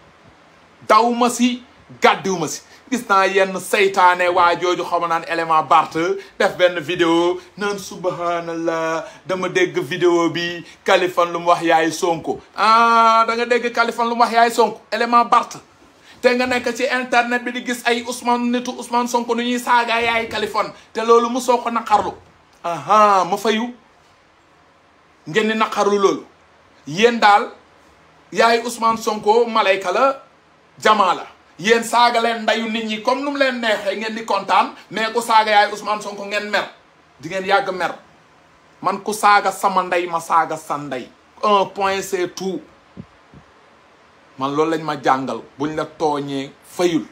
daw si gàddiw si gis naa yenn seytaane waa jooju xaw ma naan élément Bart def benn vidéo naan subhanallah dama dégg vidéo bi Kaliphone lu mu wax yaay Sonko ah da dégg Kaliphone lu mu wax yaay Sonko élément Bart te nga nekk ci internet bi di gis ay Ousmane nitu Ousmane Sonko nu ñuy saaga yaay Kaliphone te loolu mu ko naqarlu aha ma fayu ngeen naqarlu loolu yéen daal yaay Ousmane Sonko malayka la jamaa la yéen saaga leen ndayu nit ñi comme nu mu leen neexee ngeen di kontaan mais ku saaga yaay Ousmane Sonko ngeen mer di ngeen yàgg mer man ku saaga sama ndey ma saaga sa un point c'est tout man loolu lañ ma jàngal buñ la tooñee fayul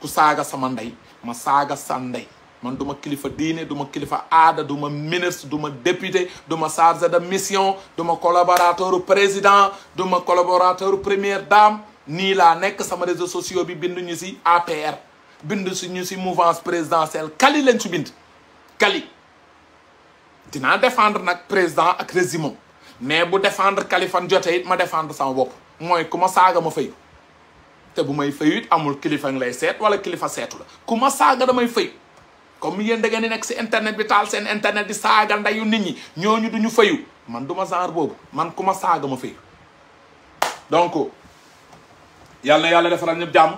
ku saaga sama ndey ma saaga sa man duma kilifa diine duma kilifa aada duma ministre duma député duma chargé de mission duma collaborateur président duma collaborateur première dame nii laa nekk sama réseaux sociaux bi bind ñu si APR bind suñu si mouvence présidentielle Kali lañ si bind Kali dinaa défendre nag président ak régime mais bu défendre Kali fan jotee it ma défendre sama bopp mooy ku ma saaga ma fay te bu may fayu it amul kilifa lay seet wala kilifa seetu la ku ma saaga damay fayu comme yéen da ngeen di nekk si internet bi taal seen internet di saaga ndeyu nit ñi ñooñu ñu fayu man du ma genre boobu man ku ma saaga ma fayu donc yàlla yàlla defaral ñëpp jàmm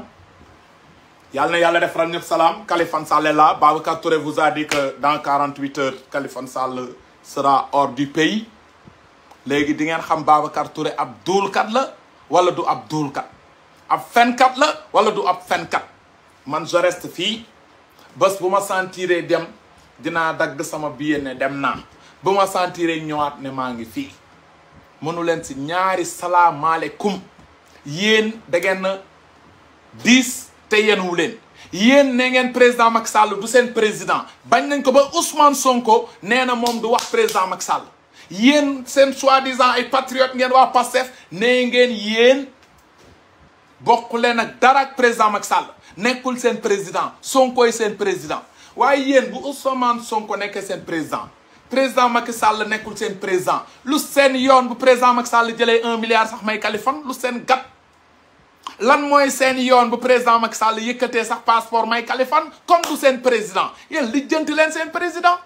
yàlla na yàlla defaral salaam Khaliphone Sall est là Babacar Touré vous a dit dans 48 heures Khaliphone Sall sera hors du pays léegi di ngeen xam Babacar Touré ab dóolkat la wala du ab dóolkat ab fenkat la wala du ab fenkat man je reste fii bés bu ma sentiree dem dinaa dagg sama billet ne dem naa bu ma sentiree ñowaat ne maa ngi fii mënu leen si ñaari salaamaaleykum yéen da ngeen diis te yenuwu leen yéen ne ngeen président Macky Sall du seen président bañ nañ ko ba Ousmane Sonko nee na moom du wax président mak Sall yéen seen soi-disant ay patriote ngeen waa Pastef nee ngeen yéen bokk leen ak dara ak président Macky Sall nekkul seen président Sonkoy seen président waaye yéen bu Ousmane Sonko nekkee seen président. président Macky Sall nekkul seen président lu seen yoon bu président Macky Sall jëlee un milliard sax may Kaliphone lu seen gat lan mooy seen yoon bu président Macky Sall yëkkatee sax passeport may Kaliphone comme du seen président yéen lijjanti leen seen président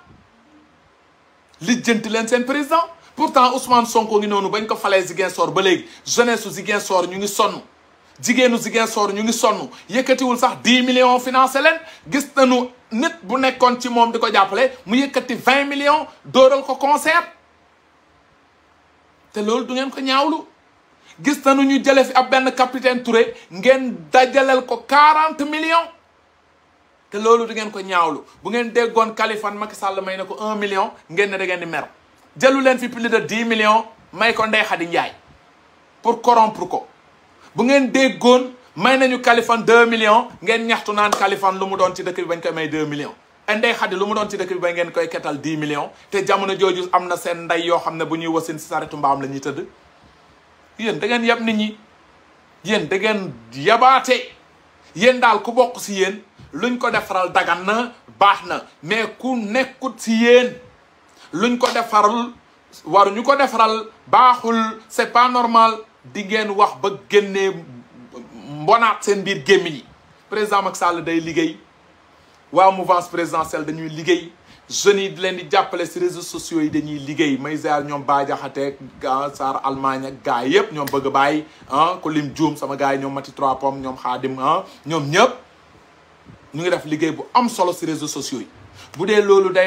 lijjanti leen seen président pourtant Ousmane Sonko ngi noonu bañ ko falee Ziguinchor ba léegi jeunesse su Ziguinchor ñu ngi sonn jigéenu Ziguinchor ñu ngi sonn yëkkatiwul sax 10 millions financé leen gis nañu nit bu nekkoon ci moom di ko jàppale mu yëkkati vingt millions dóoral ko concert te loolu du ngeen ko ñaawlu gis nañu ñu jële fi ab benn capitaine Touré ngeen dajaleel ko quarante millions te loolu du ngeen ko ñaawlu bu ngeen déggoon Kaliphone Macky Sall may na ko un million ngeen ne da ngeen di mer jëlu leen fi plus de dix millions may ko Ndeye Khady Ndiaye pour corrompre ko bu ngeen déggoon may nañu kalifan deux millions ngeen ñaxtu naan Kaliphone lu mu doon ci dëkk bi bañ koy may 2 millions ndey xadi lu mu doon ci dëkk bi ba ngeen koy ketal 10 millions te jamono jooju am na seen ndey yoo xam ne bu ñuy wasin si saretu mbaam la ñuy tëdd yéen da ngeen yab nit ñi yéen da ngeen yabaate yéen daal ku bokk si yéen luñ ko defaral dagan na baax na mais ku nekkut si yéen luñ ko defaral waruñu ko defaral baaxul c'est pas normal di ngeen wax ba génnee mbonaat seen biir gémmiñ yi président Macky Sall day liggéey waa mouvance présidentielle dañuy liggéey jeunes yi di leen di jàppale si réseau sociaux yi dañuy liggéey may ziar ñoom Ba Diakhaté ak Sarr Allemagne ak gars yi yëpp ñoom bëgg a bàyyi ah ku lim Dioum sama gars yi ñoom Mati Trois Pommes ñoom Xaadim ah ñoom ñëpp ñu ngi def liggéey bu am solo si réseaux sociaux yi bu dee loolu day.